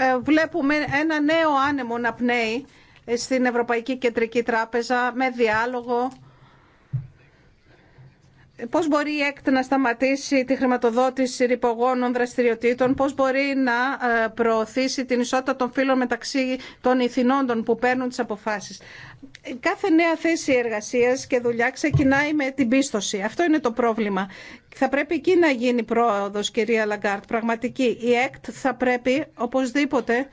Ε, βλέπουμε ένα νέο άνεμο να πνέει στην Ευρωπαϊκή Κεντρική Τράπεζα με διάλογο πώς μπορεί η ΕΚΤ να σταματήσει τη χρηματοδότηση ρηπογόνων δραστηριοτήτων, πώς μπορεί να ε, προωθήσει την ισότητα των φύλων μεταξύ των ηθινόντων που παίρνουν τις αποφάσεις. Κάθε νέα θέση εργασία και δουλειά ξεκινάει με την πίστοση. Αυτό είναι το πρόβλημα. Θα πρέπει εκεί να γίνει πρόοδος, κυρία Λαγκάρτ, πραγματική. Η ΕΚΤ θα πρέπει οπωσδήποτε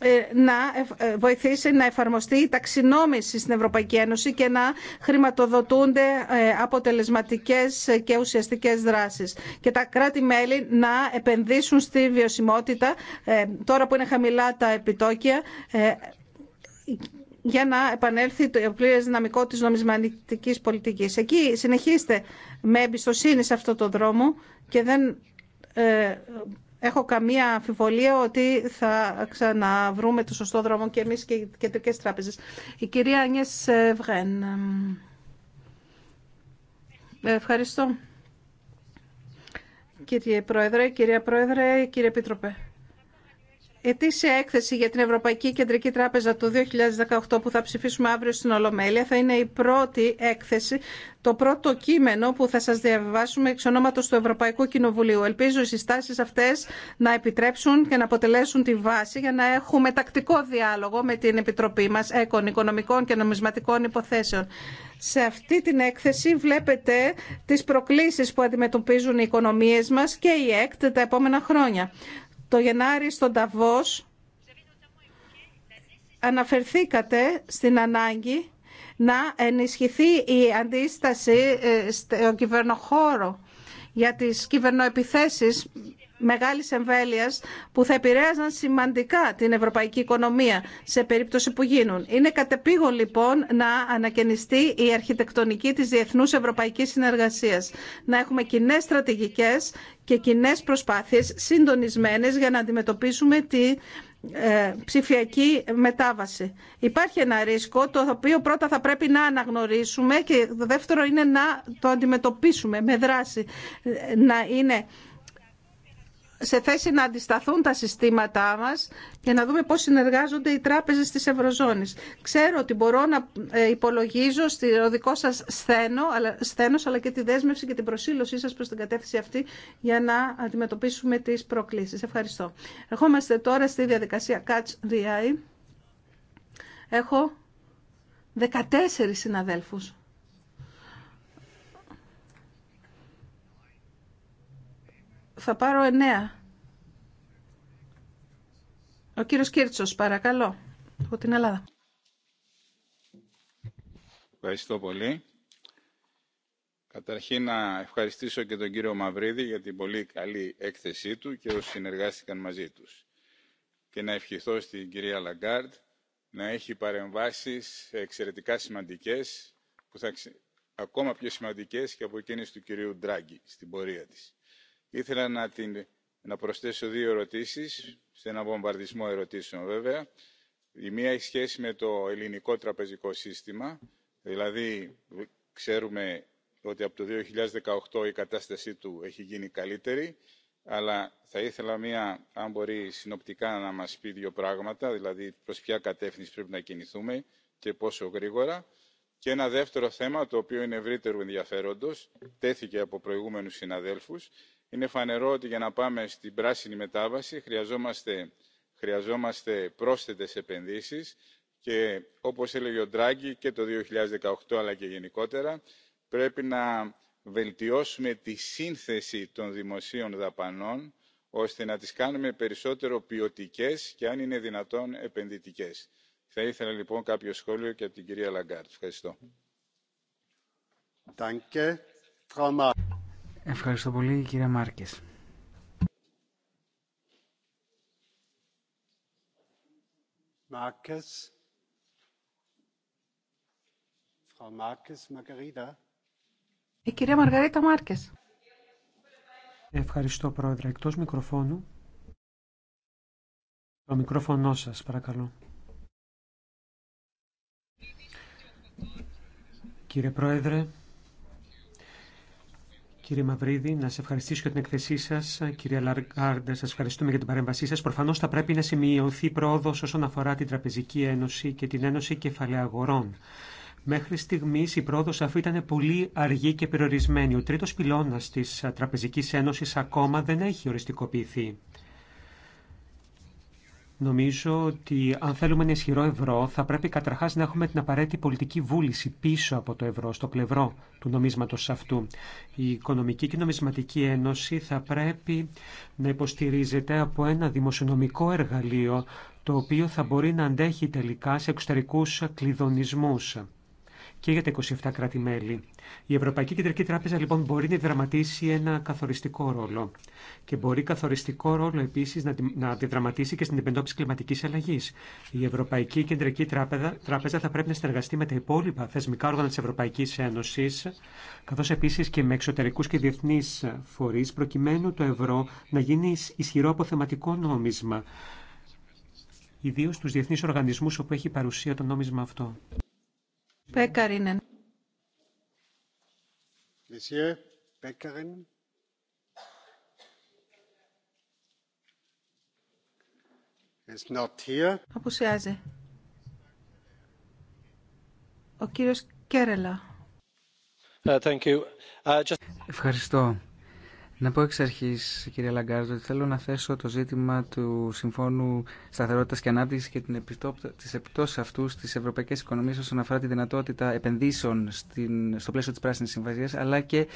ε, να ε, βοηθήσει να εφαρμοστεί η ταξινόμηση στην Ευρωπαϊκή Ένωση και να χρηματοδοτούνται ε, αποτελεσματικές και ουσιαστικές δράσεις. Και τα κράτη-μέλη να επενδύσουν στη βιωσιμότητα, τώρα που είναι χαμηλά τα επιτόκια, για να επανέλθει το πλήρες δυναμικό της νομισματικής πολιτικής. Εκεί συνεχίστε με εμπιστοσύνη σε αυτό το δρόμο και δεν έχω καμία αμφιβολία ότι θα ξαναβρούμε το σωστό δρόμο και εμείς και οι κεντρικές τράπεζες. Η κυρία Ανιές Βγέν. Ευχαριστώ. Κύριε Πρόεδρε, κυρία Πρόεδρε, κύριε Επίτροπε ετήσια έκθεση για την Ευρωπαϊκή Κεντρική Τράπεζα του 2018 που θα ψηφίσουμε αύριο στην Ολομέλεια θα είναι η πρώτη έκθεση, το πρώτο κείμενο που θα σας διαβάσουμε εξ ονόματος του Ευρωπαϊκού Κοινοβουλίου. Ελπίζω οι συστάσεις αυτές να επιτρέψουν και να αποτελέσουν τη βάση για να έχουμε τακτικό διάλογο με την Επιτροπή μας ΕΚΟΝ, Οικονομικών και Νομισματικών Υποθέσεων. Σε αυτή την έκθεση βλέπετε τις προκλήσεις που αντιμετωπίζουν οι οικονομίες μας και η ΕΚΤ τα επόμενα χρόνια. Το Γενάρη στον Ταβός αναφερθήκατε στην ανάγκη να ενισχυθεί η αντίσταση ε, στο κυβερνοχώρο για τις κυβερνοεπιθέσεις μεγάλης εμβέλειας που θα επηρέαζαν σημαντικά την ευρωπαϊκή οικονομία σε περίπτωση που γίνουν. Είναι κατεπήγον λοιπόν να ανακαινιστεί η αρχιτεκτονική της διεθνούς ευρωπαϊκής συνεργασίας. Να έχουμε κοινέ στρατηγικές και κοινέ προσπάθειες συντονισμένες για να αντιμετωπίσουμε τη ε, ψηφιακή μετάβαση. Υπάρχει ένα ρίσκο το οποίο πρώτα θα πρέπει να αναγνωρίσουμε και το δεύτερο είναι να το αντιμετωπίσουμε με δράση. Ε, να είναι σε θέση να αντισταθούν τα συστήματά μας και να δούμε πώς συνεργάζονται οι τράπεζες της Ευρωζώνης. Ξέρω ότι μπορώ να ε, υπολογίζω στο δικό σας σθένο, αλλά, σθένος, αλλά και τη δέσμευση και την προσήλωσή σας προς την κατεύθυνση αυτή για να αντιμετωπίσουμε τις προκλήσεις. Ευχαριστώ. Ερχόμαστε τώρα στη διαδικασία Catch the Eye. Έχω 14 συναδέλφους. Θα πάρω εννέα. Ο κύριος Κίρτσος, παρακαλώ, από την Ελλάδα. Ευχαριστώ πολύ. Καταρχήν να ευχαριστήσω και τον κύριο Μαυρίδη για την πολύ καλή έκθεσή του και όσοι συνεργάστηκαν μαζί τους. Και να ευχηθώ στην κυρία Λαγκάρντ να έχει παρεμβάσεις εξαιρετικά σημαντικές που θα ακόμα πιο σημαντικές και από εκείνες του κυρίου Ντράγκη στην πορεία της ήθελα να, την, να προσθέσω δύο ερωτήσεις σε ένα βομβαρδισμό ερωτήσεων βέβαια. Η μία έχει σχέση με το ελληνικό τραπεζικό σύστημα. Δηλαδή ξέρουμε ότι από το 2018 η κατάστασή του έχει γίνει καλύτερη αλλά θα ήθελα μία, αν μπορεί συνοπτικά να μας πει δύο πράγματα, δηλαδή προς ποια κατεύθυνση πρέπει να κινηθούμε και πόσο γρήγορα. Και ένα δεύτερο θέμα, το οποίο είναι ευρύτερου ενδιαφέροντος, τέθηκε από προηγούμενους συναδέλφους, είναι φανερό ότι για να πάμε στην πράσινη μετάβαση χρειαζόμαστε, χρειαζόμαστε πρόσθετες επενδύσεις και όπως έλεγε ο Ντράγκη και το 2018 αλλά και γενικότερα πρέπει να βελτιώσουμε τη σύνθεση των δημοσίων δαπανών ώστε να τις κάνουμε περισσότερο ποιοτικές και αν είναι δυνατόν επενδυτικές. Θα ήθελα λοιπόν κάποιο σχόλιο και από την κυρία Λαγκάρτ. Ευχαριστώ. Ευχαριστώ πολύ κύριε Μάρκες. Μάρκες. Μάρκες Η κυρία Μαργαρίτα Μάρκες. Ευχαριστώ πρόεδρε. Εκτός μικροφώνου. Το μικρόφωνο σας παρακαλώ. Κύριε Πρόεδρε, Κύριε Μαυρίδη, να σα ευχαριστήσω για την εκθεσή σα. Κύριε Λαργάρντα, σα ευχαριστούμε για την παρέμβασή σα. Προφανώ θα πρέπει να σημειωθεί πρόοδο όσον αφορά την Τραπεζική Ένωση και την Ένωση Κεφαλαίου Αγορών. Μέχρι στιγμή η πρόοδο αφού ήταν πολύ αργή και περιορισμένη. Ο τρίτο πυλώνα τη Τραπεζική Ένωση ακόμα δεν έχει οριστικοποιηθεί. Νομίζω ότι αν θέλουμε ένα ισχυρό ευρώ θα πρέπει καταρχάς να έχουμε την απαραίτητη πολιτική βούληση πίσω από το ευρώ, στο πλευρό του νομίσματος αυτού. Η Οικονομική και Νομισματική Ένωση θα πρέπει να υποστηρίζεται από ένα δημοσιονομικό εργαλείο το οποίο θα μπορεί να αντέχει τελικά σε εξωτερικούς κλειδονισμούς και για τα 27 κράτη-μέλη. Η Ευρωπαϊκή Κεντρική Τράπεζα λοιπόν μπορεί να δραματίσει ένα καθοριστικό ρόλο και μπορεί καθοριστικό ρόλο επίσης να, αντιδραματίσει και στην επεντόπιση κλιματικής αλλαγής. Η Ευρωπαϊκή Κεντρική Τράπεζα, θα πρέπει να συνεργαστεί με τα υπόλοιπα θεσμικά όργανα της Ευρωπαϊκής Ένωσης καθώς επίσης και με εξωτερικούς και διεθνείς φορείς προκειμένου το ευρώ να γίνει ισχυρό αποθεματικό νόμισμα ιδίω στους διεθνείς οργανισμούς όπου έχει παρουσία το νόμισμα αυτό. Πέκαρινεν. Ο κύριος Κέρελα. Uh, uh, Ευχαριστώ. Να πω εξ αρχή, κυρία Λαγκάρδο, ότι θέλω να θέσω το ζήτημα του Συμφώνου Σταθερότητα και Ανάπτυξη και τι επιπτώσει αυτού στι ευρωπαϊκέ οικονομίε όσον αφορά τη δυνατότητα επενδύσεων στην, στο πλαίσιο τη Πράσινη συμβασία, αλλά και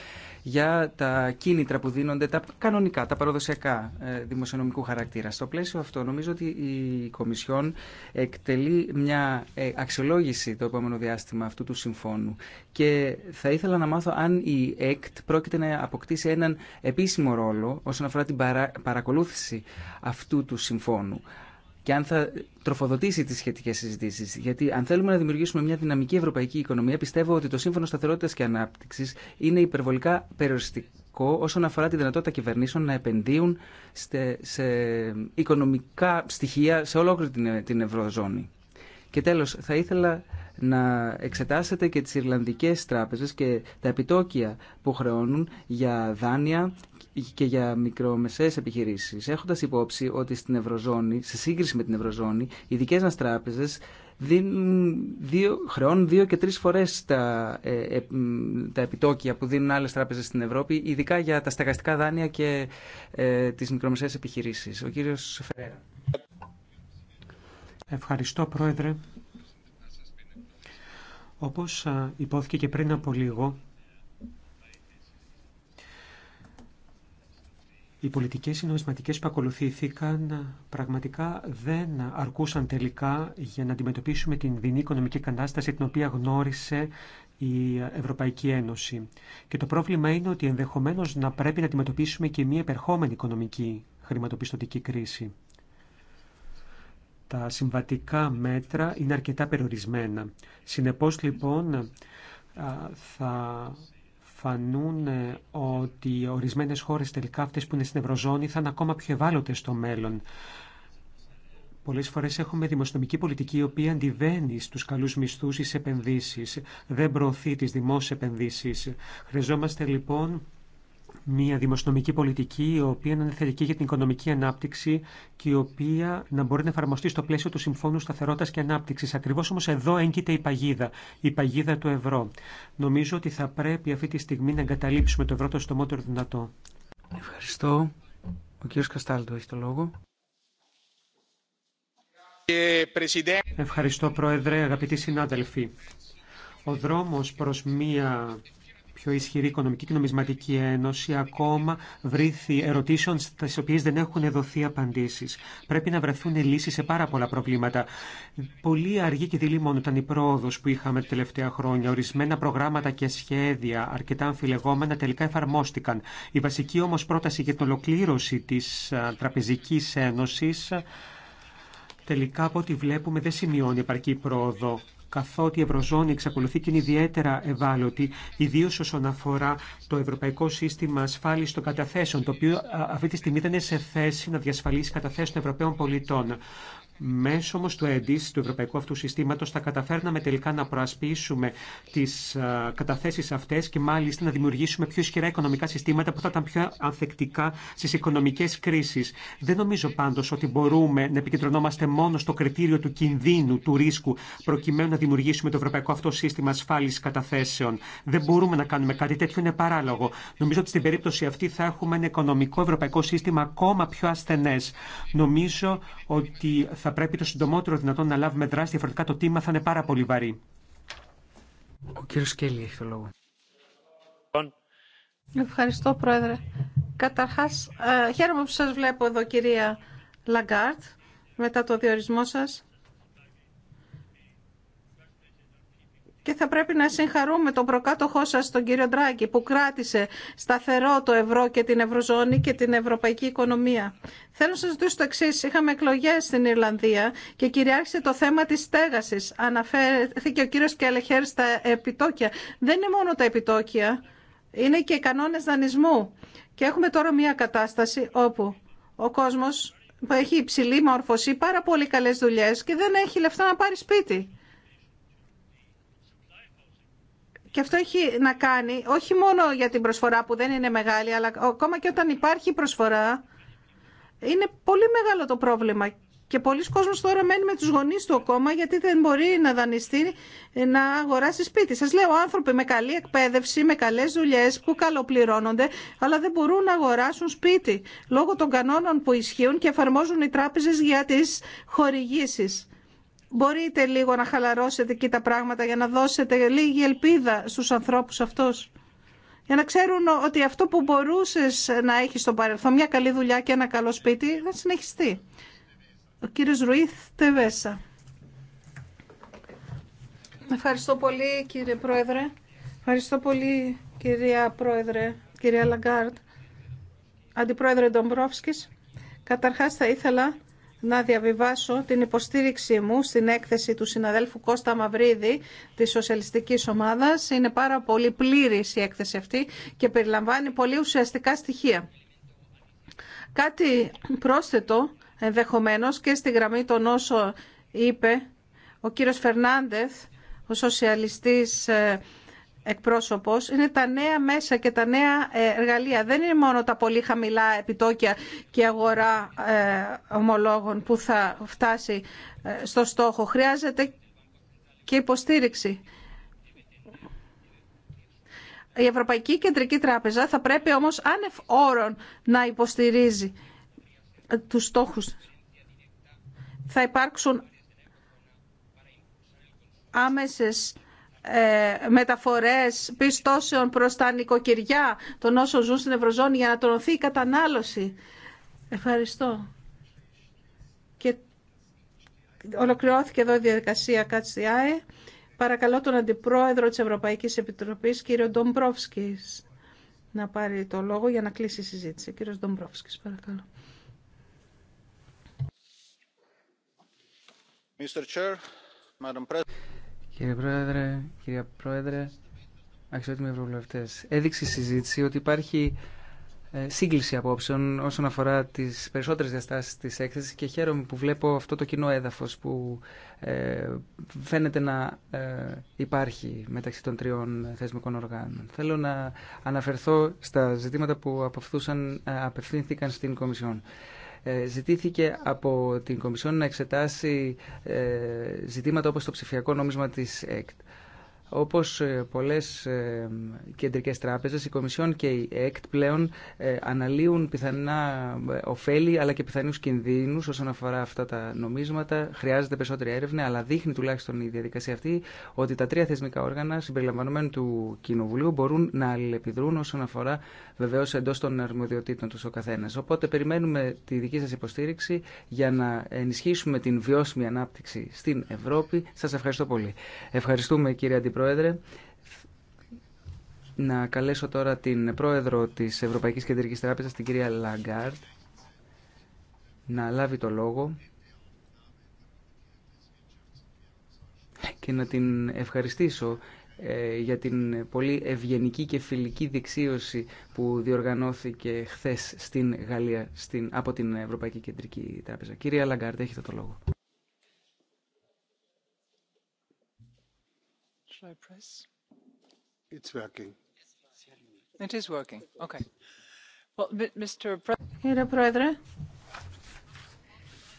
για τα κίνητρα που δίνονται, τα κανονικά, τα παραδοσιακά ε, δημοσιονομικού χαρακτήρα. Στο πλαίσιο αυτό, νομίζω ότι η Κομισιόν εκτελεί μια ε, αξιολόγηση το επόμενο διάστημα αυτού του Συμφώνου. Και θα ήθελα να μάθω αν η ΕΚΤ πρόκειται να αποκτήσει έναν ε, επίσημο ρόλο όσον αφορά την παρακολούθηση αυτού του συμφώνου και αν θα τροφοδοτήσει τι σχετικέ συζητήσει. Γιατί αν θέλουμε να δημιουργήσουμε μια δυναμική ευρωπαϊκή οικονομία, πιστεύω ότι το Σύμφωνο Σταθερότητα και Ανάπτυξη είναι υπερβολικά περιοριστικό όσον αφορά τη δυνατότητα κυβερνήσεων να επενδύουν σε οικονομικά στοιχεία σε ολόκληρη την Ευρωζώνη. Και τέλο, θα ήθελα να εξετάσετε και τις Ιρλανδικές τράπεζες και τα επιτόκια που χρεώνουν για δάνεια και για μικρομεσαίες επιχειρήσεις, έχοντας υπόψη ότι στην Ευρωζώνη, σε σύγκριση με την Ευρωζώνη, οι δικές μας τράπεζες δίνουν δύο, χρεώνουν δύο και τρεις φορές τα, ε, ε, τα επιτόκια που δίνουν άλλες τράπεζες στην Ευρώπη, ειδικά για τα στεγαστικά δάνεια και ε, τις μικρομεσαίες επιχειρήσεις. Ο κύριος Φερέρα. Ευχαριστώ, Πρόεδρε. Όπως υπόθηκε και πριν από λίγο, οι πολιτικές συνομισματικές που ακολουθήθηκαν πραγματικά δεν αρκούσαν τελικά για να αντιμετωπίσουμε την δινή οικονομική κατάσταση την οποία γνώρισε η Ευρωπαϊκή Ένωση. Και το πρόβλημα είναι ότι ενδεχομένως να πρέπει να αντιμετωπίσουμε και μια επερχόμενη οικονομική χρηματοπιστωτική κρίση τα συμβατικά μέτρα είναι αρκετά περιορισμένα. Συνεπώς λοιπόν θα φανούν ε, ότι ορισμένες χώρες τελικά αυτές που είναι στην Ευρωζώνη θα είναι ακόμα πιο ευάλωτες στο μέλλον. Πολλές φορές έχουμε δημοσιονομική πολιτική η οποία αντιβαίνει στους καλούς μισθούς ή επενδύσεις, δεν προωθεί τις δημόσιες επενδύσεις. Χρειαζόμαστε λοιπόν μια δημοσιονομική πολιτική η οποία να είναι θετική για την οικονομική ανάπτυξη και η οποία να μπορεί να εφαρμοστεί στο πλαίσιο του Συμφώνου Σταθερότητα και Ανάπτυξη. Ακριβώ όμω εδώ έγκυται η παγίδα, η παγίδα του ευρώ. Νομίζω ότι θα πρέπει αυτή τη στιγμή να εγκαταλείψουμε το ευρώ το στομότερο δυνατό. Ευχαριστώ. Ο κ. Καστάλτο έχει το λόγο. Ευχαριστώ, Πρόεδρε, αγαπητοί συνάδελφοι. Ο δρόμος προς μία πιο ισχυρή οικονομική και νομισματική ένωση ακόμα βρήθη ερωτήσεων στις οποίες δεν έχουν δοθεί απαντήσεις. Πρέπει να βρεθούν λύσεις σε πάρα πολλά προβλήματα. Πολύ αργή και μόνο ήταν η πρόοδος που είχαμε τα τελευταία χρόνια. Ορισμένα προγράμματα και σχέδια αρκετά αμφιλεγόμενα τελικά εφαρμόστηκαν. Η βασική όμως πρόταση για την ολοκλήρωση της Τραπεζικής Ένωσης τελικά από ό,τι βλέπουμε δεν σημειώνει επαρκή πρόοδο καθότι η Ευρωζώνη εξακολουθεί και είναι ιδιαίτερα ευάλωτη, ιδίω όσον αφορά το Ευρωπαϊκό Σύστημα Ασφάλισης των Καταθέσεων, το οποίο αυτή τη στιγμή δεν είναι σε θέση να διασφαλίσει καταθέσει των Ευρωπαίων πολιτών. Μέσω όμω του ΕΔΙΣ, του Ευρωπαϊκού Αυτού Συστήματο, θα καταφέρναμε τελικά να προασπίσουμε τι καταθέσει αυτέ και μάλιστα να δημιουργήσουμε πιο ισχυρά οικονομικά συστήματα που θα ήταν πιο ανθεκτικά στι οικονομικέ κρίσει. Δεν νομίζω πάντω ότι μπορούμε να επικεντρωνόμαστε μόνο στο κριτήριο του κινδύνου, του ρίσκου, προκειμένου να δημιουργήσουμε το Ευρωπαϊκό Αυτό Σύστημα Ασφάλιση Καταθέσεων. Δεν μπορούμε να κάνουμε κάτι τέτοιο, είναι παράλογο. Νομίζω ότι στην περίπτωση αυτή θα έχουμε ένα οικονομικό ευρωπαϊκό σύστημα ακόμα πιο ασθενέ. Νομίζω ότι θα πρέπει το συντομότερο δυνατόν να λάβουμε δράση, διαφορετικά το τίμα θα είναι πάρα πολύ βαρύ. Ο κύριος Κέλλη έχει το λόγο. Ευχαριστώ, Πρόεδρε. Καταρχάς, ε, χαίρομαι που σα βλέπω εδώ, κυρία Λαγκάρτ, μετά το διορισμό σας. Και θα πρέπει να συγχαρούμε τον προκάτοχό σας, τον κύριο Ντράγκη, που κράτησε σταθερό το ευρώ και την ευρωζώνη και την ευρωπαϊκή οικονομία. Θέλω να σας δώσω το εξή. Είχαμε εκλογές στην Ιρλανδία και κυριάρχησε το θέμα της στέγασης. Αναφέρθηκε ο κύριος Κελεχέρ στα επιτόκια. Δεν είναι μόνο τα επιτόκια, είναι και οι κανόνες δανεισμού. Και έχουμε τώρα μια κατάσταση όπου ο κόσμος έχει υψηλή μόρφωση, πάρα πολύ καλές δουλειές και δεν έχει λεφτά να πάρει σπίτι. Και αυτό έχει να κάνει όχι μόνο για την προσφορά που δεν είναι μεγάλη, αλλά ακόμα και όταν υπάρχει προσφορά, είναι πολύ μεγάλο το πρόβλημα. Και πολλοί κόσμος τώρα μένει με τους γονείς του ακόμα γιατί δεν μπορεί να δανειστεί να αγοράσει σπίτι. Σας λέω άνθρωποι με καλή εκπαίδευση, με καλές δουλειές που καλοπληρώνονται αλλά δεν μπορούν να αγοράσουν σπίτι λόγω των κανόνων που ισχύουν και εφαρμόζουν οι τράπεζες για τις χορηγήσεις. Μπορείτε λίγο να χαλαρώσετε εκεί τα πράγματα για να δώσετε λίγη ελπίδα στους ανθρώπους αυτούς. Για να ξέρουν ότι αυτό που μπορούσες να έχεις στο παρελθόν, μια καλή δουλειά και ένα καλό σπίτι, θα συνεχιστεί. Ο κύριος Ρουίθ Τεβέσα. Ευχαριστώ πολύ κύριε Πρόεδρε. Ευχαριστώ πολύ κυρία Πρόεδρε, κυρία Λαγκάρτ. Αντιπρόεδρε Ντομπρόφσκης. Καταρχάς θα ήθελα να διαβιβάσω την υποστήριξή μου στην έκθεση του συναδέλφου Κώστα Μαυρίδη της Σοσιαλιστικής Ομάδας. Είναι πάρα πολύ πλήρης η έκθεση αυτή και περιλαμβάνει πολύ ουσιαστικά στοιχεία. Κάτι πρόσθετο ενδεχομένως και στη γραμμή των όσων είπε ο κύριος Φερνάντεθ, ο σοσιαλιστής ε, εκπρόσωπος είναι τα νέα μέσα και τα νέα ε, εργαλεία. Δεν είναι μόνο τα πολύ χαμηλά επιτόκια και αγορά ε, ομολόγων που θα φτάσει ε, στο στόχο. Χρειάζεται και υποστήριξη. Η Ευρωπαϊκή Κεντρική Τράπεζα θα πρέπει όμως άνευ όρων να υποστηρίζει τους στόχους. Θα υπάρξουν άμεσες ε, μεταφορές πιστώσεων προς τα νοικοκυριά των όσων ζουν στην Ευρωζώνη για να τονωθεί η κατανάλωση. Ευχαριστώ. Και ολοκληρώθηκε εδώ η διαδικασία ΚΑΤΣΙΑΕ. Παρακαλώ τον Αντιπρόεδρο της Ευρωπαϊκής Επιτροπής, κύριο Ντομπρόφσκης, να πάρει το λόγο για να κλείσει η συζήτηση. Κύριος Ντομπρόφσκης, παρακαλώ. Mr. Chair, Madam President. Κύριε Πρόεδρε, κυρία Πρόεδρε, αξιότιμοι ευρωβουλευτές, έδειξε η συζήτηση ότι υπάρχει ε, σύγκληση απόψεων όσον αφορά τις περισσότερε διαστάσεις τη έκθεσης και χαίρομαι που βλέπω αυτό το κοινό έδαφο που ε, φαίνεται να ε, υπάρχει μεταξύ των τριών θεσμικών οργάνων. Θέλω να αναφερθώ στα ζητήματα που απευθύνθηκαν στην Κομισιόν. Ε, ζητήθηκε από την Κομισιόν να εξετάσει ε, ζητήματα όπως το ψηφιακό νόμισμα της ΕΚΤ. Όπως ε, πολλές ε, κεντρικές τράπεζες, η Κομισιόν και η ΕΚΤ πλέον ε, αναλύουν πιθανά ωφέλη αλλά και πιθανούς κινδύνους όσον αφορά αυτά τα νομίσματα. Χρειάζεται περισσότερη έρευνα, αλλά δείχνει τουλάχιστον η διαδικασία αυτή ότι τα τρία θεσμικά όργανα συμπεριλαμβανομένου του Κοινοβουλίου μπορούν να αλληλεπιδρούν όσον αφορά βεβαίω εντό των αρμοδιοτήτων του ο καθένα. Οπότε περιμένουμε τη δική σα υποστήριξη για να ενισχύσουμε την βιώσιμη ανάπτυξη στην Ευρώπη. Σα ευχαριστώ πολύ. Ευχαριστούμε κύριε Αντιπρόεδρε Πρόεδρε. Να καλέσω τώρα την Πρόεδρο της Ευρωπαϊκής Κεντρικής Τράπεζας, την κυρία Λαγκάρτ, να λάβει το λόγο και να την ευχαριστήσω ε, για την πολύ ευγενική και φιλική δεξίωση που διοργανώθηκε χθες στην Γαλλία στην, από την Ευρωπαϊκή Κεντρική Τράπεζα. Κυρία Λαγκάρτ, έχετε το λόγο. Κύριε Πρόεδρε,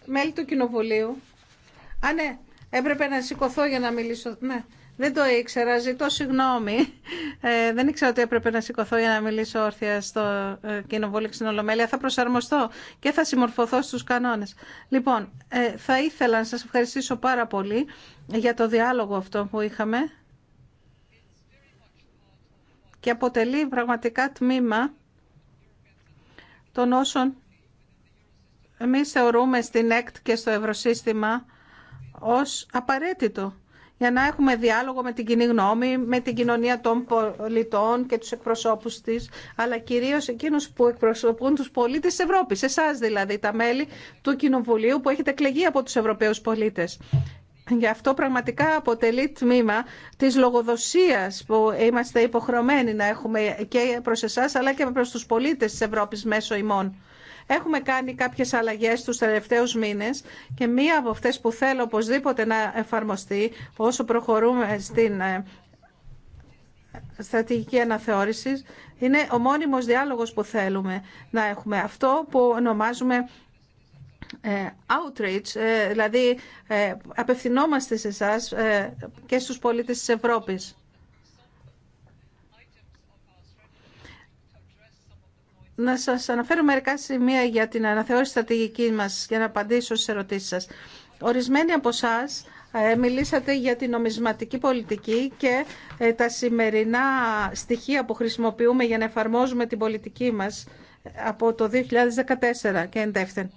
μέλη του Κοινοβουλίου. Α, ναι, έπρεπε να σηκωθώ για να μιλήσω. Ναι, δεν το ήξερα, ζητώ συγγνώμη. Ε, δεν ήξερα ότι έπρεπε να σηκωθώ για να μιλήσω όρθια στο ε, Κοινοβούλιο Θα προσαρμοστώ και θα συμμορφωθώ στους κανόνες. Λοιπόν, ε, θα ήθελα να σας ευχαριστήσω πάρα πολύ για το διάλογο αυτό που είχαμε και αποτελεί πραγματικά τμήμα των όσων εμείς θεωρούμε στην ΕΚΤ και στο Ευρωσύστημα ως απαραίτητο για να έχουμε διάλογο με την κοινή γνώμη, με την κοινωνία των πολιτών και τους εκπροσώπους της, αλλά κυρίως εκείνους που εκπροσωπούν τους πολίτες της Ευρώπης, εσάς δηλαδή, τα μέλη του Κοινοβουλίου που έχετε εκλεγεί από τους Ευρωπαίους πολίτες. Γι' αυτό πραγματικά αποτελεί τμήμα της λογοδοσίας που είμαστε υποχρεωμένοι να έχουμε και προς εσάς αλλά και προς τους πολίτες της Ευρώπης μέσω ημών. Έχουμε κάνει κάποιες αλλαγές τους τελευταίους μήνες και μία από αυτές που θέλω οπωσδήποτε να εφαρμοστεί όσο προχωρούμε στην ε, στρατηγική αναθεώρηση είναι ο μόνιμος διάλογος που θέλουμε να έχουμε. Αυτό που ονομάζουμε ε, outreach, ε, δηλαδή ε, απευθυνόμαστε σε εσά και στους πολίτες της Ευρώπης. Να σας αναφέρω μερικά σημεία για την αναθεώρηση στρατηγική μας για να απαντήσω στις ερωτήσεις σας. Ορισμένοι από εσά μιλήσατε για την νομισματική πολιτική και τα σημερινά στοιχεία που χρησιμοποιούμε για να εφαρμόζουμε την πολιτική μας από το 2014 και εντεύθεν.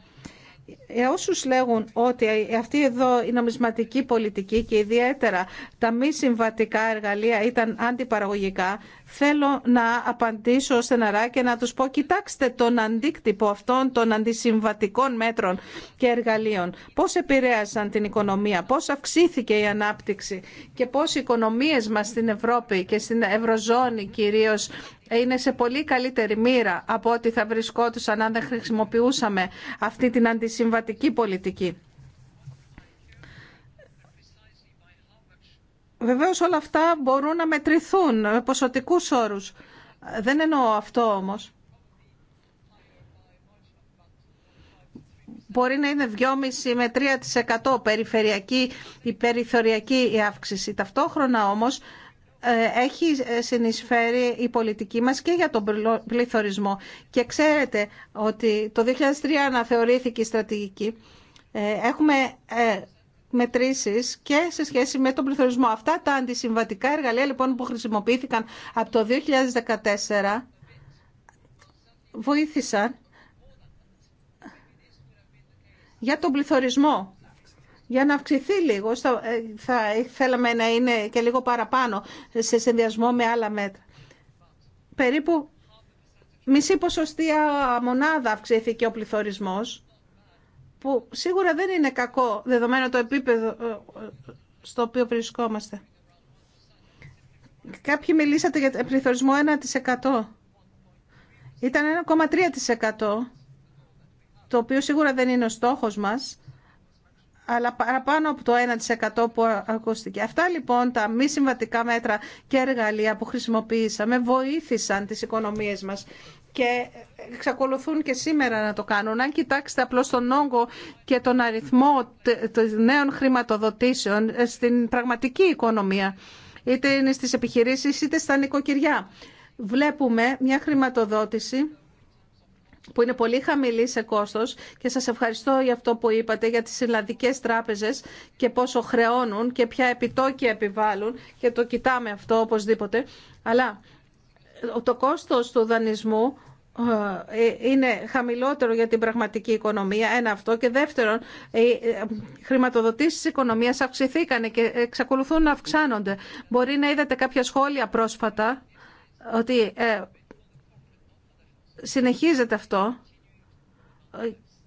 Για ε, όσους λέγουν ότι αυτή εδώ η νομισματική πολιτική και ιδιαίτερα τα μη συμβατικά εργαλεία ήταν αντιπαραγωγικά, θέλω να απαντήσω στεναρά και να τους πω κοιτάξτε τον αντίκτυπο αυτών των αντισυμβατικών μέτρων και εργαλείων. Πώς επηρέασαν την οικονομία, πώς αυξήθηκε η ανάπτυξη και πώς οι οικονομίες μας στην Ευρώπη και στην Ευρωζώνη κυρίως είναι σε πολύ καλύτερη μοίρα από ό,τι θα βρισκόντουσαν αν δεν χρησιμοποιούσαμε αυτή την αντισυμβατική πολιτική. Βεβαίως όλα αυτά μπορούν να μετρηθούν με ποσοτικούς όρους. Δεν εννοώ αυτό όμως. Μπορεί να είναι 2,5 με 3% περιφερειακή ή περιθωριακή η αύξηση. Ταυτόχρονα όμως ε, έχει ε, συνεισφέρει η πολιτική μας και για τον πληθωρισμό. Και ξέρετε ότι το 2003 αναθεωρήθηκε η στρατηγική. Ε, έχουμε μετρήσεις και σε σχέση με τον πληθωρισμό. Αυτά τα αντισυμβατικά εργαλεία λοιπόν που χρησιμοποιήθηκαν από το 2014 βοήθησαν για τον πληθωρισμό για να αυξηθεί λίγο. Ε, θα θέλαμε να είναι και λίγο παραπάνω σε συνδυασμό με άλλα μέτρα. Περίπου μισή ποσοστία μονάδα αυξήθηκε ο πληθωρισμός, που σίγουρα δεν είναι κακό δεδομένο το επίπεδο ε, στο οποίο βρισκόμαστε. Κάποιοι μιλήσατε για πληθωρισμό 1%. Ήταν 1,3% το οποίο σίγουρα δεν είναι ο στόχος μας, αλλά παραπάνω από το 1% που ακούστηκε. Αυτά λοιπόν τα μη συμβατικά μέτρα και εργαλεία που χρησιμοποίησαμε βοήθησαν τις οικονομίες μας και εξακολουθούν και σήμερα να το κάνουν. Αν κοιτάξετε απλώς τον όγκο και τον αριθμό των νέων χρηματοδοτήσεων στην πραγματική οικονομία, είτε είναι στις επιχειρήσεις είτε στα νοικοκυριά, βλέπουμε μια χρηματοδότηση που είναι πολύ χαμηλή σε κόστος και σας ευχαριστώ για αυτό που είπατε για τις Ιρλανδικές τράπεζες και πόσο χρεώνουν και ποια επιτόκια επιβάλλουν και το κοιτάμε αυτό οπωσδήποτε. Αλλά το κόστος του δανεισμού ε, είναι χαμηλότερο για την πραγματική οικονομία, ένα αυτό. Και δεύτερον, οι ε, χρηματοδοτήσει τη οικονομία αυξηθήκανε και εξακολουθούν να αυξάνονται. Μπορεί να είδατε κάποια σχόλια πρόσφατα ότι ε, συνεχίζεται αυτό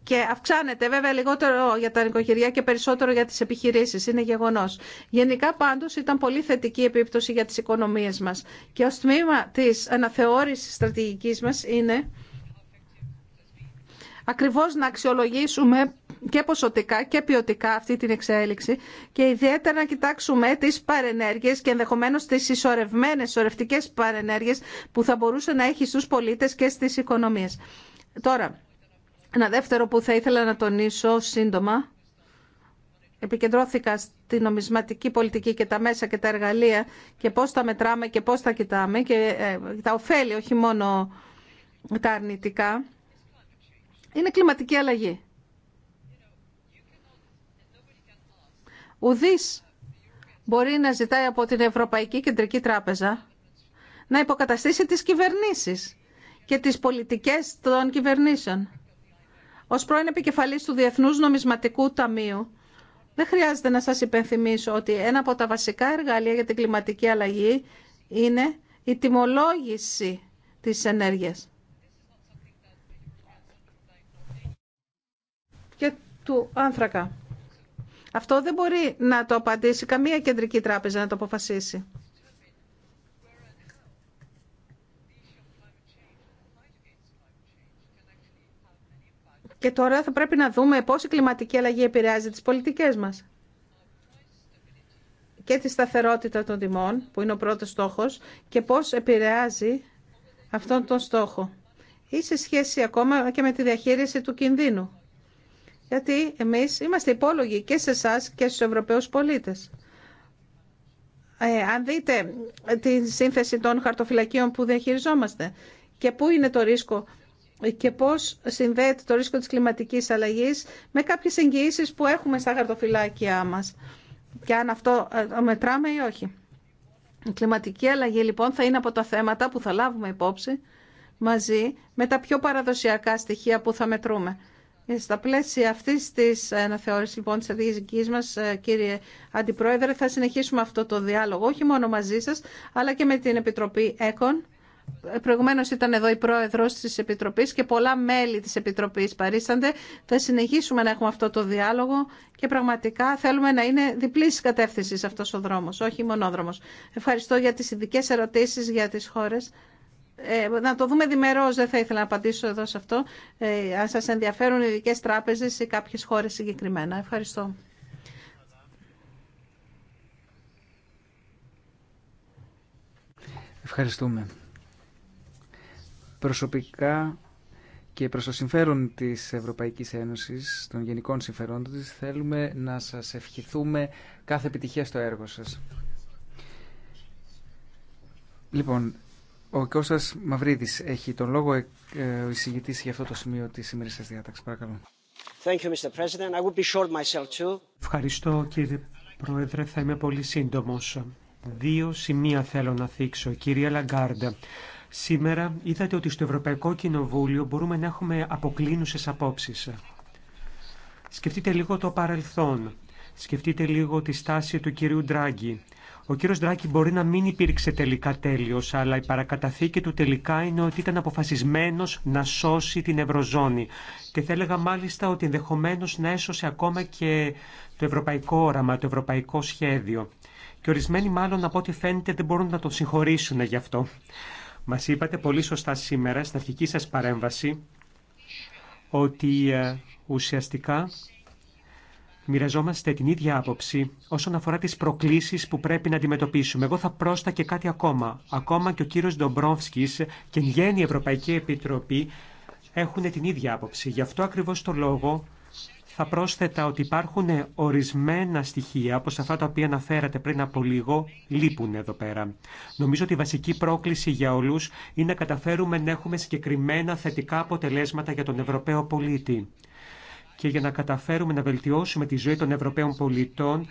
και αυξάνεται βέβαια λιγότερο για τα νοικοκυριά και περισσότερο για τις επιχειρήσεις. Είναι γεγονός. Γενικά πάντως ήταν πολύ θετική επίπτωση για τις οικονομίες μας. Και ως τμήμα της αναθεώρησης στρατηγικής μας είναι ακριβώς να αξιολογήσουμε και ποσοτικά και ποιοτικά αυτή την εξέλιξη και ιδιαίτερα να κοιτάξουμε τις παρενέργειες και ενδεχομένως τις ισορρευμένες, ισορρευτικές παρενέργειες που θα μπορούσε να έχει στους πολίτες και στις οικονομίες. Τώρα, ένα δεύτερο που θα ήθελα να τονίσω σύντομα, επικεντρώθηκα στη νομισματική πολιτική και τα μέσα και τα εργαλεία και πώς τα μετράμε και πώς τα κοιτάμε και ε, τα ωφέλη όχι μόνο τα αρνητικά είναι κλιματική αλλαγή. Ουδής μπορεί να ζητάει από την Ευρωπαϊκή Κεντρική Τράπεζα να υποκαταστήσει τις κυβερνήσεις και τις πολιτικές των κυβερνήσεων. Ως πρώην επικεφαλής του Διεθνούς Νομισματικού Ταμείου, δεν χρειάζεται να σας υπενθυμίσω ότι ένα από τα βασικά εργαλεία για την κλιματική αλλαγή είναι η τιμολόγηση της ενέργειας. του άνθρακα. Αυτό δεν μπορεί να το απαντήσει καμία κεντρική τράπεζα να το αποφασίσει. Και τώρα θα πρέπει να δούμε πώς η κλιματική αλλαγή επηρεάζει τις πολιτικές μας. Και τη σταθερότητα των τιμών, που είναι ο πρώτος στόχος, και πώς επηρεάζει αυτόν τον στόχο. Ή σε σχέση ακόμα και με τη διαχείριση του κινδύνου. Γιατί εμείς είμαστε υπόλογοι και σε εσά και στους Ευρωπαίους πολίτες. Ε, αν δείτε τη σύνθεση των χαρτοφυλακίων που διαχειριζόμαστε και πού είναι το ρίσκο και πώς συνδέεται το ρίσκο της κλιματικής αλλαγής με κάποιες εγγυήσεις που έχουμε στα χαρτοφυλάκια μας και αν αυτό ε, μετράμε ή όχι. Η κλιματική αλλαγή λοιπόν θα είναι από τα θέματα που θα λάβουμε υπόψη μαζί με τα πιο παραδοσιακά στοιχεία που θα μετρούμε. Στα πλαίσια αυτή τη αναθεώρηση λοιπόν τη στρατηγική μα, ε, κύριε Αντιπρόεδρε, θα συνεχίσουμε αυτό το διάλογο όχι μόνο μαζί σα, αλλά και με την Επιτροπή ΕΚΟΝ. Ε, Προηγουμένω ήταν εδώ η πρόεδρο τη Επιτροπή και πολλά μέλη τη Επιτροπή παρίστανται. Θα συνεχίσουμε να έχουμε αυτό το διάλογο και πραγματικά θέλουμε να είναι διπλή κατεύθυνση αυτό ο δρόμο, όχι μονόδρομο. Ευχαριστώ για τι ειδικέ ερωτήσει για τι χώρε. Ε, να το δούμε διμερώς, δεν θα ήθελα να απαντήσω εδώ σε αυτό. Ε, αν σας ενδιαφέρουν οι ειδικέ τράπεζες ή κάποιες χώρες συγκεκριμένα. Ευχαριστώ. Ευχαριστούμε. Προσωπικά και προς το συμφέρον της Ευρωπαϊκής Ένωσης, των γενικών συμφερόντων της, θέλουμε να σας ευχηθούμε κάθε επιτυχία στο έργο σας. Λοιπόν, ο Κώστας Μαυρίδης έχει τον λόγο ε, ο εισηγητής για αυτό το σημείο της σημερινής σας διάταξης. Παρακαλώ. Thank you, Mr. I be short too. Ευχαριστώ κύριε Πρόεδρε, θα είμαι πολύ σύντομος. Δύο σημεία θέλω να θίξω. Κυρία Λαγκάρντα, σήμερα είδατε ότι στο Ευρωπαϊκό Κοινοβούλιο μπορούμε να έχουμε αποκλίνουσες απόψεις. Σκεφτείτε λίγο το παρελθόν. Σκεφτείτε λίγο τη στάση του κυρίου Ντράγκη. Ο κύριο Ντράκη μπορεί να μην υπήρξε τελικά τέλειο, αλλά η παρακαταθήκη του τελικά είναι ότι ήταν αποφασισμένο να σώσει την Ευρωζώνη. Και θα έλεγα μάλιστα ότι ενδεχομένω να έσωσε ακόμα και το ευρωπαϊκό όραμα, το ευρωπαϊκό σχέδιο. Και ορισμένοι μάλλον από ό,τι φαίνεται δεν μπορούν να το συγχωρήσουν γι' αυτό. Μα είπατε πολύ σωστά σήμερα στην αρχική σα παρέμβαση ότι ε, ουσιαστικά μοιραζόμαστε την ίδια άποψη όσον αφορά τι προκλήσει που πρέπει να αντιμετωπίσουμε. Εγώ θα πρόστα και κάτι ακόμα. Ακόμα και ο κύριο Ντομπρόμφσκης και εν γέννη η Ευρωπαϊκή Επιτροπή έχουν την ίδια άποψη. Γι' αυτό ακριβώ το λόγο θα πρόσθετα ότι υπάρχουν ορισμένα στοιχεία, όπως αυτά τα οποία αναφέρατε πριν από λίγο, λείπουν εδώ πέρα. Νομίζω ότι η βασική πρόκληση για όλους είναι να καταφέρουμε να έχουμε συγκεκριμένα θετικά αποτελέσματα για τον Ευρωπαίο πολίτη και για να καταφέρουμε να βελτιώσουμε τη ζωή των Ευρωπαίων πολιτών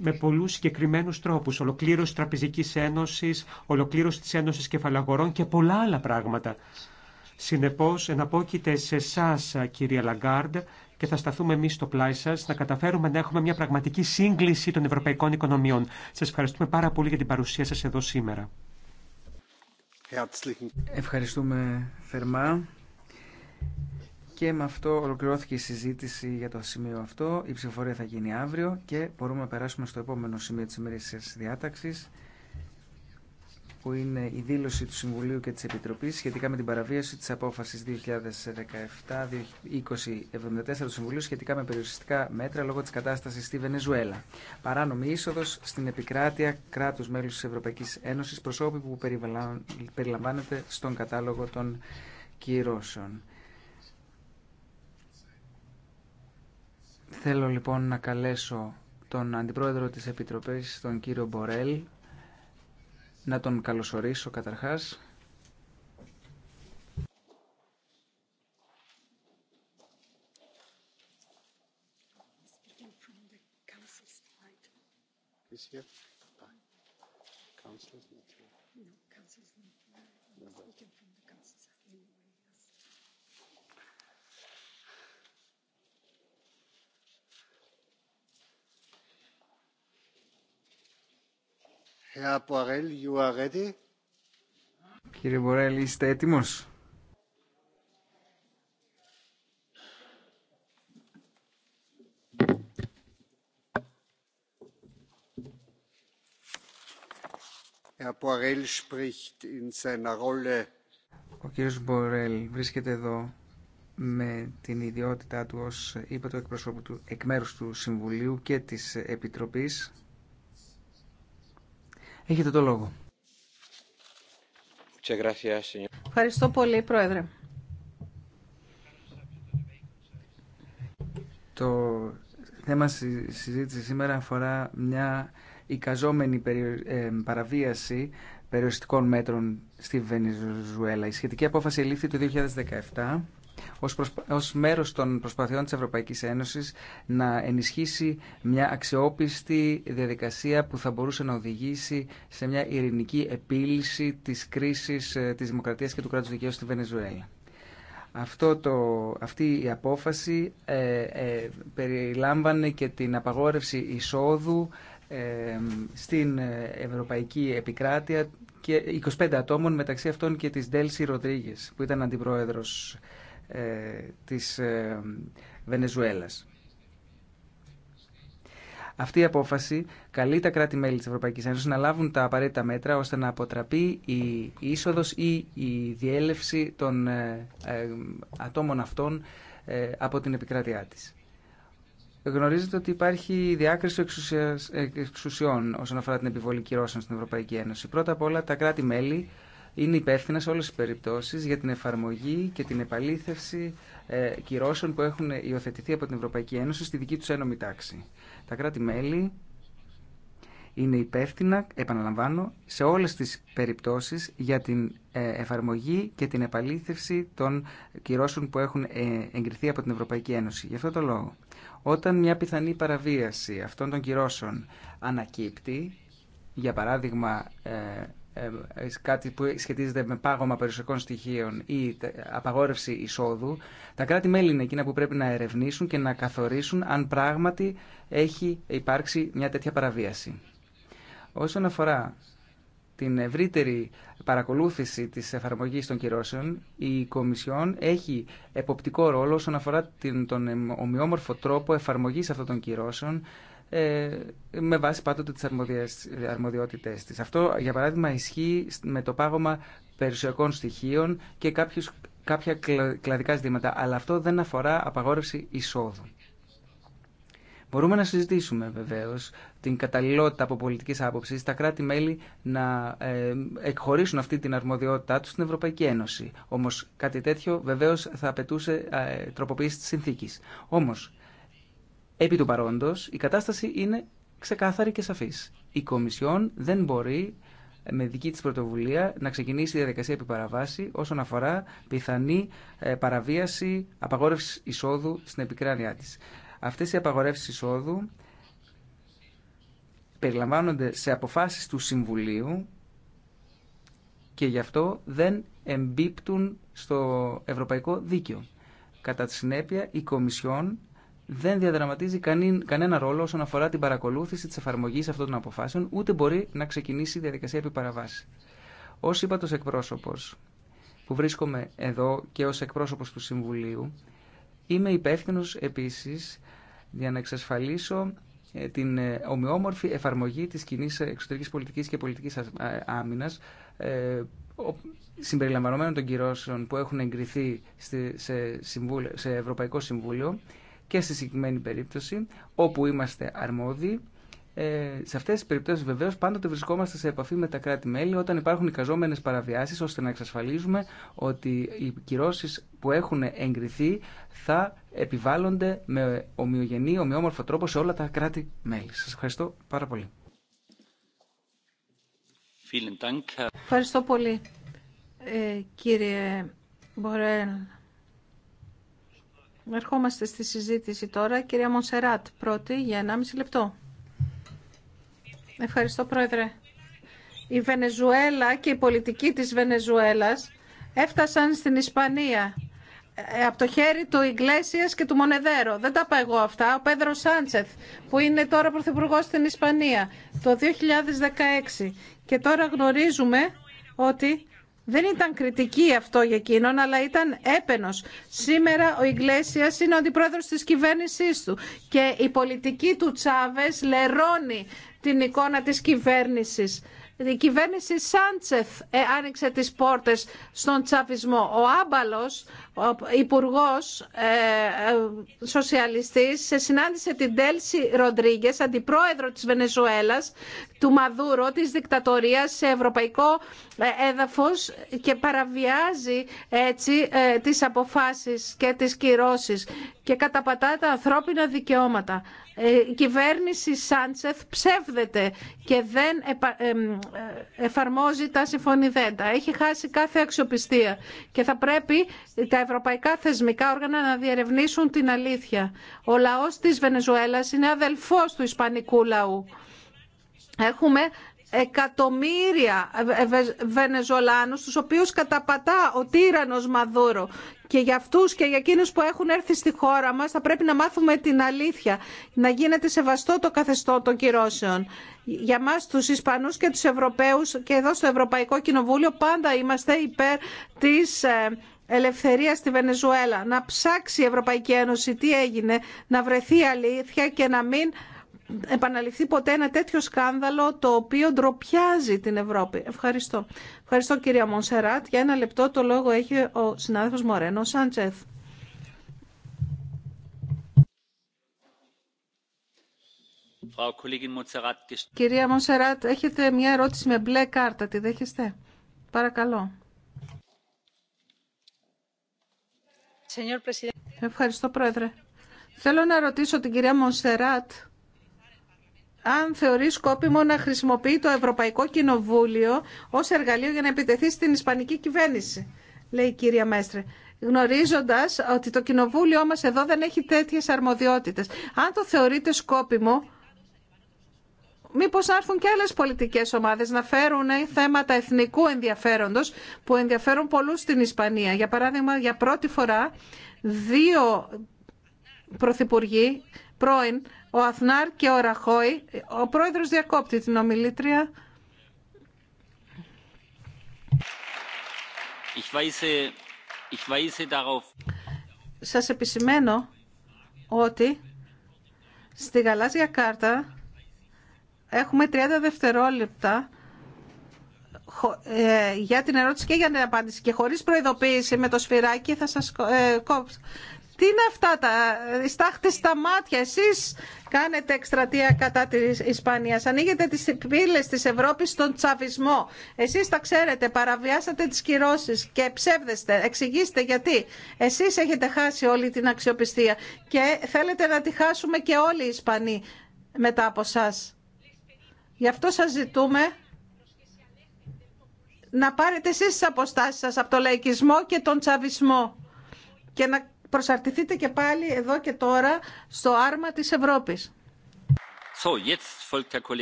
με πολλού συγκεκριμένου τρόπου. Ολοκλήρωση Τραπεζική Ένωση, ολοκλήρωση τη Ένωση Κεφαλαγορών και πολλά άλλα πράγματα. Συνεπώ, εναπόκειται σε εσά, κυρία Λαγκάρντ, και θα σταθούμε εμεί στο πλάι σα να καταφέρουμε να έχουμε μια πραγματική σύγκληση των ευρωπαϊκών οικονομιών. Σα ευχαριστούμε πάρα πολύ για την παρουσία σα εδώ σήμερα. Ευχαριστούμε θερμά. Και με αυτό ολοκληρώθηκε η συζήτηση για το σημείο αυτό. Η ψηφοφορία θα γίνει αύριο και μπορούμε να περάσουμε στο επόμενο σημείο της ημερήσιας διάταξης που είναι η δήλωση του Συμβουλίου και της Επιτροπής σχετικά με την παραβίαση της απόφασης 2017-2074 του Συμβουλίου σχετικά με περιοριστικά μέτρα λόγω της κατάστασης στη Βενεζουέλα. Παράνομη είσοδο στην επικράτεια κράτους μέλους της Ευρωπαϊκής Ένωσης προσώπη που περιλαμβάνεται στον κατάλογο των κυρώσεων. Θέλω λοιπόν να καλέσω τον Αντιπρόεδρο της Επιτροπής, τον κύριο Μπορέλ, να τον καλωσορίσω καταρχάς. Κύριε Μπορέλ, είστε έτοιμος. Ο κύριος Μπορέλ βρίσκεται εδώ με την ιδιότητά του ως είπα το εκπροσώπου του εκ μέρους του Συμβουλίου και της Επιτροπής Έχετε το λόγο. Ευχαριστώ πολύ, Πρόεδρε. Το θέμα συζήτηση σήμερα αφορά μια εικαζόμενη ε, παραβίαση περιοριστικών μέτρων στη Βενεζουέλα. Η σχετική απόφαση λήφθη το 2017 ως, προσπα... ως μέρος των προσπαθειών της Ευρωπαϊκής Ένωσης να ενισχύσει μια αξιόπιστη διαδικασία που θα μπορούσε να οδηγήσει σε μια ειρηνική επίλυση της κρίσης ε, της δημοκρατίας και του κράτους δικαίου στη Βενεζουέλα. Αυτό το, αυτή η απόφαση ε, ε, περιλάμβανε και την απαγόρευση εισόδου στην Ευρωπαϊκή Επικράτεια και 25 ατόμων μεταξύ αυτών και της Ντέλση Ροντρίγες που ήταν αντιπρόεδρος ε, της ε, Βενεζουέλας. Αυτή η απόφαση καλεί τα κράτη-μέλη της Ευρωπαϊκής Ένωσης να λάβουν τα απαραίτητα μέτρα ώστε να αποτραπεί η είσοδος ή η διέλευση των ε, ατόμων αυτών από την επικράτειά της. Γνωρίζετε ότι υπάρχει διάκριση εξουσιών όσον αφορά την επιβολή κυρώσεων στην Ευρωπαϊκή Ένωση. Πρώτα απ' όλα τα κράτη-μέλη είναι υπεύθυνα σε όλες τις περιπτώσεις για την εφαρμογή και την επαλήθευση ε, κυρώσεων που έχουν υιοθετηθεί από την Ευρωπαϊκή Ένωση στη δική τους ένωμη τάξη. Τα κράτη-μέλη είναι υπεύθυνα, επαναλαμβάνω, σε όλες τις περιπτώσεις για την ε, εφαρμογή και την επαλήθευση των κυρώσεων που έχουν ε, εγκριθεί από την Ευρωπαϊκή Ένωση. Γι' αυτό το λόγο, όταν μια πιθανή παραβίαση αυτών των κυρώσεων ανακύπτει, για παράδειγμα κάτι που σχετίζεται με πάγωμα περιουσιακών στοιχείων ή απαγόρευση εισόδου, τα κράτη-μέλη είναι εκείνα που πρέπει να ερευνήσουν και να καθορίσουν αν πράγματι έχει υπάρξει μια τέτοια παραβίαση. Όσον αφορά την ευρύτερη παρακολούθηση της εφαρμογής των κυρώσεων, η Κομισιόν έχει εποπτικό ρόλο όσον αφορά τον ομοιόμορφο τρόπο εφαρμογής αυτών των κυρώσεων ε, με βάση πάντοτε τις αρμοδιότητές της. Αυτό, για παράδειγμα, ισχύει με το πάγωμα περιουσιακών στοιχείων και κάποιους, κάποια κλαδικά ζητήματα, αλλά αυτό δεν αφορά απαγόρευση εισόδου. Μπορούμε να συζητήσουμε βεβαίω την καταλληλότητα από πολιτική άποψη τα κράτη-μέλη να ε, εκχωρήσουν αυτή την αρμοδιότητά του στην Ευρωπαϊκή Ένωση. Όμω κάτι τέτοιο βεβαίω θα απαιτούσε ε, τροποποίηση τη συνθήκη. Όμω Επί του παρόντος, η κατάσταση είναι ξεκάθαρη και σαφής. Η Κομισιόν δεν μπορεί με δική της πρωτοβουλία να ξεκινήσει η διαδικασία επιπαραβάση όσον αφορά πιθανή ε, παραβίαση απαγόρευσης εισόδου στην επικράτειά της. Αυτές οι απαγορεύσεις εισόδου περιλαμβάνονται σε αποφάσεις του Συμβουλίου και γι' αυτό δεν εμπίπτουν στο ευρωπαϊκό δίκαιο. Κατά τη συνέπεια, η Κομισιόν δεν διαδραματίζει κανένα ρόλο όσον αφορά την παρακολούθηση τη εφαρμογή αυτών των αποφάσεων, ούτε μπορεί να ξεκινήσει η διαδικασία επί παραβάση. Ω ύπατο εκπρόσωπο που βρίσκομαι εδώ και ω εκπρόσωπο του Συμβουλίου, είμαι υπεύθυνο επίση για να εξασφαλίσω ε, την ε, ομοιόμορφη εφαρμογή της κοινή εξωτερικής πολιτικής και πολιτικής ε, άμυνας συμπεριλαμβανομένων των κυρώσεων που έχουν εγκριθεί σε, Ευρωπαϊκό Συμβούλιο και στη συγκεκριμένη περίπτωση όπου είμαστε αρμόδιοι. Ε, σε αυτέ τι περιπτώσει, βεβαίω, πάντοτε βρισκόμαστε σε επαφή με τα κράτη-μέλη όταν υπάρχουν εικαζόμενε παραβιάσει, ώστε να εξασφαλίζουμε ότι οι κυρώσει που έχουν εγκριθεί θα επιβάλλονται με ομοιογενή, ομοιόμορφο τρόπο σε όλα τα κράτη-μέλη. Σα ευχαριστώ πάρα πολύ. Ευχαριστώ πολύ, ε, κύριε Μπορέλ. Ερχόμαστε στη συζήτηση τώρα. Κυρία Μονσεράτ, πρώτη για 1,5 λεπτό. Ευχαριστώ, Πρόεδρε. Η Βενεζουέλα και η πολιτική της Βενεζουέλας έφτασαν στην Ισπανία ε, από το χέρι του Ιγκλέσιας και του Μονεδέρο. Δεν τα είπα εγώ αυτά. Ο Πέδρο Σάντσεθ, που είναι τώρα πρωθυπουργό στην Ισπανία το 2016. Και τώρα γνωρίζουμε ότι δεν ήταν κριτική αυτό για εκείνον, αλλά ήταν έπαινος. Σήμερα ο Ιγκλέσιας είναι ο αντιπρόεδρος της κυβέρνησής του και η πολιτική του Τσάβες λερώνει την εικόνα της κυβέρνησης η κυβέρνηση Σάντσεφ ε, άνοιξε τις πόρτες στον τσαφισμό. Ο Άμπαλος, ο υπουργός ε, ε, σοσιαλιστής, σε συνάντησε την Τέλση Ροντρίγκες, αντιπρόεδρο της Βενεζουέλας, του Μαδούρο, της δικτατορίας σε ευρωπαϊκό ε, έδαφος και παραβιάζει έτσι ε, τις αποφάσεις και τις κυρώσεις και καταπατά τα ανθρώπινα δικαιώματα. Ε, η κυβέρνηση Σάντσεθ ψεύδεται και δεν ε, εφαρμόζει τα συμφωνηδέντα. Έχει χάσει κάθε αξιοπιστία και θα πρέπει τα ευρωπαϊκά θεσμικά όργανα να διερευνήσουν την αλήθεια. Ο λαός της Βενεζουέλας είναι αδελφός του ισπανικού λαού. Έχουμε εκατομμύρια Βενεζολάνους, τους οποίους καταπατά ο τύρανος Μαδούρο και για αυτού και για εκείνου που έχουν έρθει στη χώρα μας θα πρέπει να μάθουμε την αλήθεια, να γίνεται σεβαστό το καθεστώ των κυρώσεων. Για μας τους Ισπανούς και τους Ευρωπαίους και εδώ στο Ευρωπαϊκό Κοινοβούλιο πάντα είμαστε υπέρ της ε, ελευθερία στη Βενεζουέλα. Να ψάξει η Ευρωπαϊκή Ένωση τι έγινε, να βρεθεί αλήθεια και να μην επαναληφθεί ποτέ ένα τέτοιο σκάνδαλο το οποίο ντροπιάζει την Ευρώπη. Ευχαριστώ. Ευχαριστώ κυρία Μονσεράτ. Για ένα λεπτό το λόγο έχει ο συνάδελφος Μορένο Σάντσεφ. Κυρία Μονσεράτ, έχετε μια ερώτηση με μπλε κάρτα. Τη δέχεστε. Παρακαλώ. Ευχαριστώ, Πρόεδρε. Θέλω να ρωτήσω την κυρία Μονσεράτ αν θεωρεί σκόπιμο να χρησιμοποιεί το Ευρωπαϊκό Κοινοβούλιο ως εργαλείο για να επιτεθεί στην Ισπανική κυβέρνηση, λέει η κυρία Μέστρε. Γνωρίζοντα ότι το κοινοβούλιο μα εδώ δεν έχει τέτοιε αρμοδιότητε. Αν το θεωρείτε σκόπιμο, μήπω έρθουν και άλλε πολιτικέ ομάδε να φέρουν ε, θέματα εθνικού ενδιαφέροντο που ενδιαφέρουν πολλού στην Ισπανία. Για παράδειγμα, για πρώτη φορά δύο πρωθυπουργοί πρώην, ο Αθνάρ και ο Ραχώη. Ο πρόεδρος διακόπτει την ομιλήτρια. Σας επισημαίνω ότι στη γαλάζια κάρτα έχουμε 30 δευτερόλεπτα ε, για την ερώτηση και για την απάντηση και χωρίς προειδοποίηση με το σφυράκι θα σας ε, κόψω. Τι είναι αυτά τα στάχτες στα μάτια. Εσείς κάνετε εκστρατεία κατά της Ισπανίας. Ανοίγετε τις πύλες της Ευρώπης στον τσαβισμό. Εσείς τα ξέρετε, παραβιάσατε τις κυρώσεις και ψεύδεστε. Εξηγήστε γιατί. Εσείς έχετε χάσει όλη την αξιοπιστία και θέλετε να τη χάσουμε και όλοι οι Ισπανοί μετά από εσά. Γι' αυτό σας ζητούμε να πάρετε εσείς τις αποστάσεις σας από το λαϊκισμό και τον τσαβισμό προσαρτηθείτε και πάλι εδώ και τώρα στο άρμα της Ευρώπης.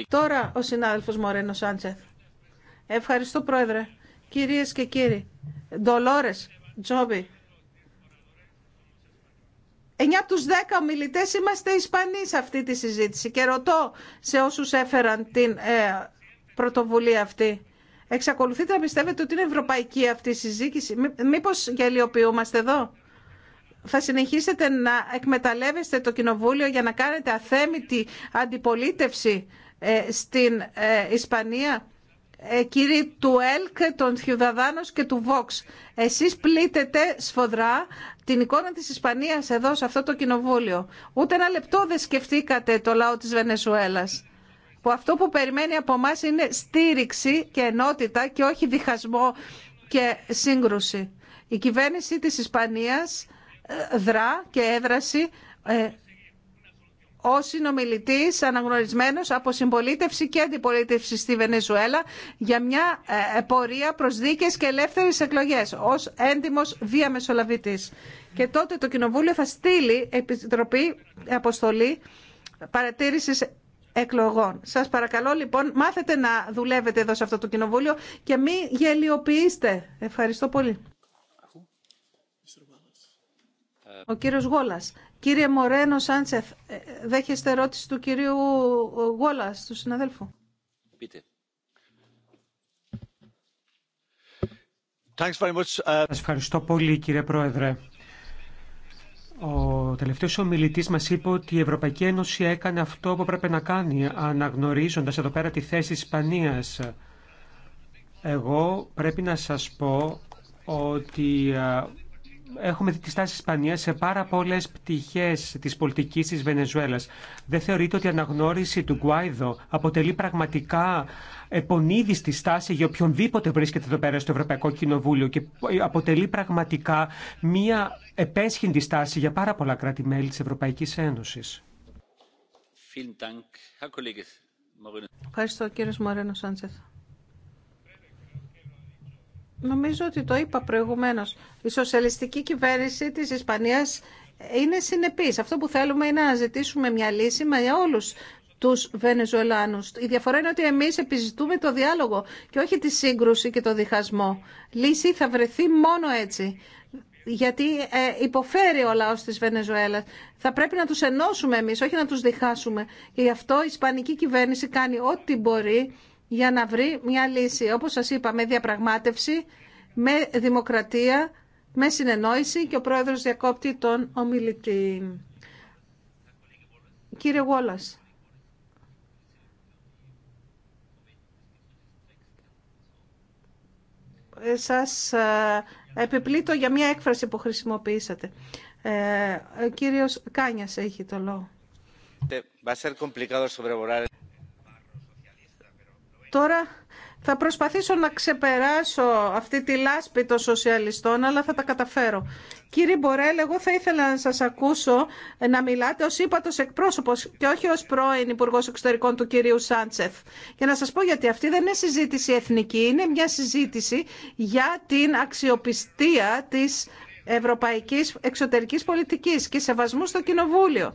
τώρα ο συνάδελφος Μορένο Σάντσεθ. Ευχαριστώ πρόεδρε. Κυρίες και κύριοι, Ντολόρες, Τζόμπι, 9 από τους 10 ομιλητές είμαστε Ισπανοί σε αυτή τη συζήτηση και ρωτώ σε όσους έφεραν την ε, πρωτοβουλία αυτή. Εξακολουθείτε να πιστεύετε ότι είναι ευρωπαϊκή αυτή η συζήτηση. Μήπως γελιοποιούμαστε εδώ θα συνεχίσετε να εκμεταλλεύεστε το Κοινοβούλιο για να κάνετε αθέμητη αντιπολίτευση ε, στην ε, Ισπανία. Ε, κύριοι του ΕΛΚ, των Θιουδαδάνος και του Βόξ, εσείς πλήτετε σφοδρά την εικόνα της Ισπανίας εδώ σε αυτό το κοινοβούλιο. Ούτε ένα λεπτό δεν σκεφτήκατε το λαό της Βενεζουέλας που αυτό που περιμένει από εμά είναι στήριξη και ενότητα και όχι διχασμό και σύγκρουση. Η κυβέρνηση της Ισπανίας δρά και έδραση ε, ω συνομιλητή αναγνωρισμένο από συμπολίτευση και αντιπολίτευση στη Βενεζουέλα για μια ε, πορεία προ δίκαιε και ελεύθερε εκλογέ ω έντιμο διαμεσολαβητή. Και τότε το Κοινοβούλιο θα στείλει επιτροπή αποστολή παρατήρηση εκλογών. Σα παρακαλώ λοιπόν, μάθετε να δουλεύετε εδώ σε αυτό το Κοινοβούλιο και μην γελιοποιήστε. Ευχαριστώ πολύ. Ο κύριος Γόλας. Κύριε Μορένο Σάντσεφ, ε, δέχεστε ερώτηση του κυρίου ε, Γόλας, του συναδέλφου. Πείτε. Uh, ευχαριστώ πολύ κύριε Πρόεδρε. Ο τελευταίος ομιλητής μας είπε ότι η Ευρωπαϊκή Ένωση έκανε αυτό που έπρεπε να κάνει, αναγνωρίζοντας εδώ πέρα τη θέση Ισπανίας. Εγώ πρέπει να σας πω ότι ε, έχουμε δει τη στάση Ισπανίας σε πάρα πολλές πτυχές της πολιτικής της Βενεζουέλας. Δεν θεωρείτε ότι η αναγνώριση του Γκουάιδο αποτελεί πραγματικά επονίδιστη στάση για οποιονδήποτε βρίσκεται εδώ πέρα στο Ευρωπαϊκό Κοινοβούλιο και αποτελεί πραγματικά μία επέσχυντη στάση για πάρα πολλά κράτη-μέλη της Ευρωπαϊκής Ένωσης. Ευχαριστώ Μαρένο Νομίζω ότι το είπα προηγουμένως. Η σοσιαλιστική κυβέρνηση της Ισπανίας είναι συνεπής. Αυτό που θέλουμε είναι να ζητήσουμε μια λύση με όλους τους Βενεζουελάνους. Η διαφορά είναι ότι εμείς επιζητούμε το διάλογο και όχι τη σύγκρουση και το διχασμό. Λύση θα βρεθεί μόνο έτσι. Γιατί ε, υποφέρει ο λαός της Βενεζουέλα. Θα πρέπει να τους ενώσουμε εμείς, όχι να τους διχάσουμε. γι' αυτό η Ισπανική κυβέρνηση κάνει ό,τι μπορεί για να βρει μια λύση, όπως σας είπα, με διαπραγμάτευση, με δημοκρατία, με συνεννόηση και ο πρόεδρος διακόπτει τον ομιλητή. Κύριε Γόλας. Ε, σας ε, επιπλήττω για μια έκφραση που χρησιμοποιήσατε. Ε, ο κύριος Κάνιας έχει το λόγο. Ε, Τώρα θα προσπαθήσω να ξεπεράσω αυτή τη λάσπη των σοσιαλιστών, αλλά θα τα καταφέρω. Κύριε Μπορέλ, εγώ θα ήθελα να σας ακούσω να μιλάτε ως ύπατος εκπρόσωπος και όχι ως πρώην Υπουργός Εξωτερικών του κυρίου Σάντσεφ. Και να σας πω γιατί αυτή δεν είναι συζήτηση εθνική, είναι μια συζήτηση για την αξιοπιστία της ευρωπαϊκής εξωτερικής πολιτικής και σεβασμού στο Κοινοβούλιο.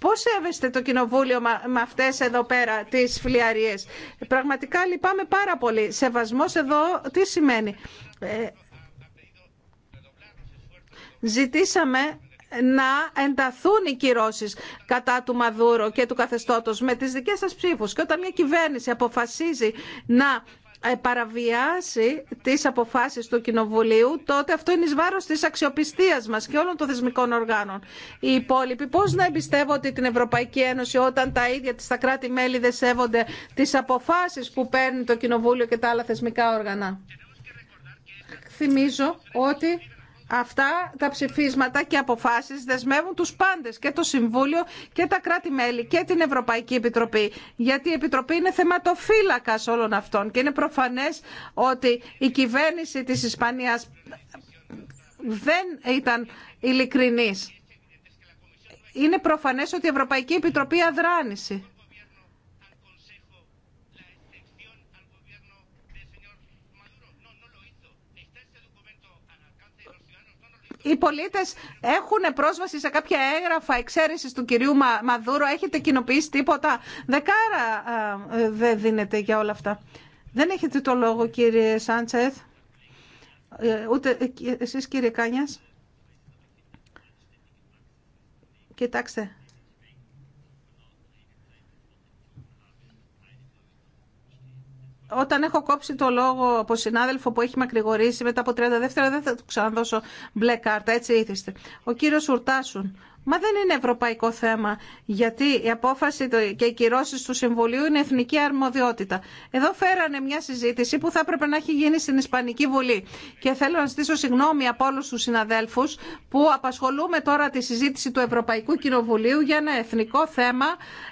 Πώς σέβεστε το κοινοβούλιο με αυτές εδώ πέρα τις φιλιαρίες. Πραγματικά λυπάμαι πάρα πολύ. Σεβασμός εδώ τι σημαίνει. Ε, ζητήσαμε να ενταθούν οι κυρώσει κατά του Μαδούρο και του καθεστώτος με τις δικές σας ψήφους. Και όταν μια κυβέρνηση αποφασίζει να ε, παραβιάσει τις αποφάσεις του Κοινοβουλίου, τότε αυτό είναι εις βάρος της αξιοπιστίας μας και όλων των θεσμικών οργάνων. Οι υπόλοιποι πώς να εμπιστεύονται την Ευρωπαϊκή Ένωση όταν τα ίδια της τα κράτη-μέλη δεν σέβονται τις αποφάσεις που παίρνει το Κοινοβούλιο και τα άλλα θεσμικά όργανα. Θυμίζω ότι Αυτά τα ψηφίσματα και αποφάσεις δεσμεύουν τους πάντες και το Συμβούλιο και τα κράτη-μέλη και την Ευρωπαϊκή Επιτροπή γιατί η Επιτροπή είναι θεματοφύλακας όλων αυτών και είναι προφανές ότι η κυβέρνηση της Ισπανίας δεν ήταν ειλικρινή. Είναι προφανές ότι η Ευρωπαϊκή Επιτροπή αδράνησε. οι πολίτες έχουν πρόσβαση σε κάποια έγγραφα εξαίρεση του κυρίου Μαδούρο. Έχετε κοινοποιήσει τίποτα. Δεκάρα δεν δίνεται για όλα αυτά. Δεν έχετε το λόγο κύριε Σάντσεθ. Ε, ούτε ε, εσείς κύριε Κάνιας. Κοιτάξτε. όταν έχω κόψει το λόγο από συνάδελφο που έχει μακρηγορήσει μετά από 30 δεύτερα δεν θα του ξαναδώσω μπλε κάρτα, έτσι ήθιστε. Ο κύριος Ουρτάσουν Μα δεν είναι ευρωπαϊκό θέμα, γιατί η απόφαση και οι κυρώσει του Συμβουλίου είναι εθνική αρμοδιότητα. Εδώ φέρανε μια συζήτηση που θα έπρεπε να έχει γίνει στην Ισπανική Βουλή. Και θέλω να στήσω συγγνώμη από όλου του συναδέλφου που απασχολούμε τώρα τη συζήτηση του Ευρωπαϊκού Κοινοβουλίου για ένα εθνικό θέμα.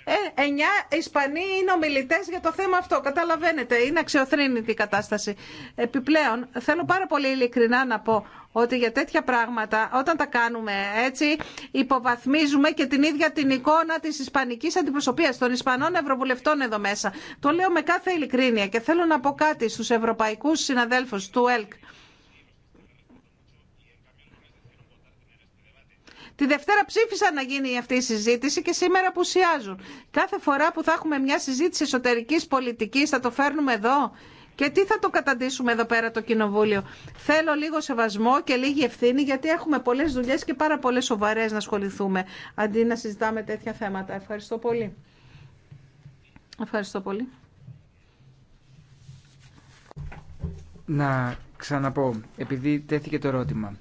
Ε, εννιά Ισπανοί είναι ομιλητέ για το θέμα αυτό. Καταλαβαίνετε, είναι αξιοθρύνητη η κατάσταση. Επιπλέον, θέλω πάρα πολύ ειλικρινά να πω ότι για τέτοια πράγματα όταν τα κάνουμε έτσι υποβαθμίζουμε και την ίδια την εικόνα της ισπανικής αντιπροσωπείας των Ισπανών Ευρωβουλευτών εδώ μέσα. Το λέω με κάθε ειλικρίνεια και θέλω να πω κάτι στους ευρωπαϊκούς συναδέλφους του ΕΛΚ. Τη Δευτέρα ψήφισαν να γίνει αυτή η συζήτηση και σήμερα απουσιάζουν. Κάθε φορά που θα έχουμε μια συζήτηση εσωτερικής πολιτικής θα το φέρνουμε εδώ και τι θα το καταντήσουμε εδώ πέρα το κοινοβούλιο. Θέλω λίγο σεβασμό και λίγη ευθύνη γιατί έχουμε πολλέ δουλειέ και πάρα πολλέ σοβαρέ να ασχοληθούμε αντί να συζητάμε τέτοια θέματα. Ευχαριστώ πολύ. Ευχαριστώ πολύ. Να ξαναπώ, επειδή τέθηκε το ερώτημα.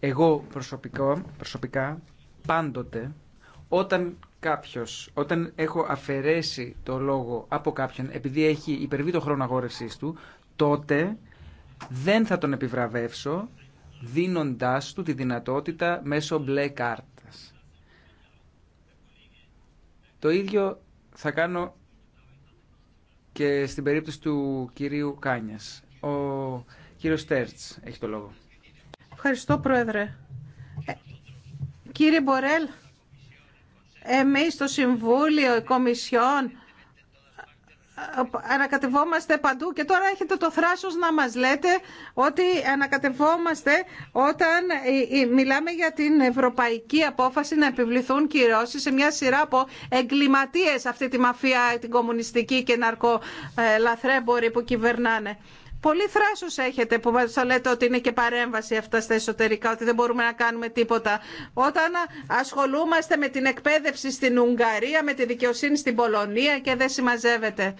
Εγώ προσωπικό, προσωπικά πάντοτε όταν κάποιος, όταν έχω αφαιρέσει το λόγο από κάποιον επειδή έχει υπερβεί το χρόνο αγόρευσή του, τότε δεν θα τον επιβραβεύσω δίνοντάς του τη δυνατότητα μέσω μπλε κάρτας. Το ίδιο θα κάνω και στην περίπτωση του κυρίου Κάνιας. Ο κύριος Στέρτς έχει το λόγο. Ευχαριστώ, Πρόεδρε. Ε, κύριε Μπορέλ, εμείς στο Συμβούλιο, η Κομισιόν, ανακατευόμαστε παντού και τώρα έχετε το θράσος να μας λέτε ότι ανακατευόμαστε όταν μιλάμε για την ευρωπαϊκή απόφαση να επιβληθούν κυρώσεις σε μια σειρά από εγκληματίες αυτή τη μαφία την κομμουνιστική και ναρκολαθρέμπορη που κυβερνάνε. Πολύ θράσο έχετε που θα λέτε ότι είναι και παρέμβαση αυτά στα εσωτερικά, ότι δεν μπορούμε να κάνουμε τίποτα. Όταν ασχολούμαστε με την εκπαίδευση στην Ουγγαρία, με τη δικαιοσύνη στην Πολωνία και δεν συμμαζεύεται.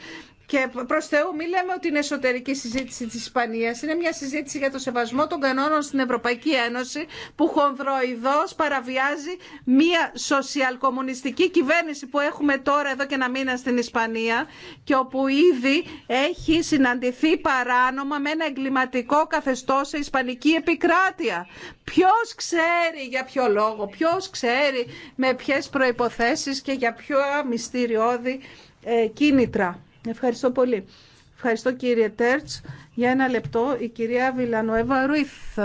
Και προ Θεού, μην λέμε ότι είναι εσωτερική συζήτηση τη Ισπανία. Είναι μια συζήτηση για το σεβασμό των κανόνων στην Ευρωπαϊκή Ένωση που χονδροειδώ παραβιάζει μια σοσιαλκομμουνιστική κυβέρνηση που έχουμε τώρα εδώ και ένα μήνα στην Ισπανία και όπου ήδη έχει συναντηθεί παράνομα με ένα εγκληματικό καθεστώ σε Ισπανική επικράτεια. Ποιο ξέρει για ποιο λόγο, ποιο ξέρει με ποιε προποθέσει και για ποιο μυστηριώδη ε, κίνητρα. Ευχαριστώ πολύ. Ευχαριστώ κύριε Τέρτς. Για ένα λεπτό η κυρία Βιλανοέβα Ρουίθ.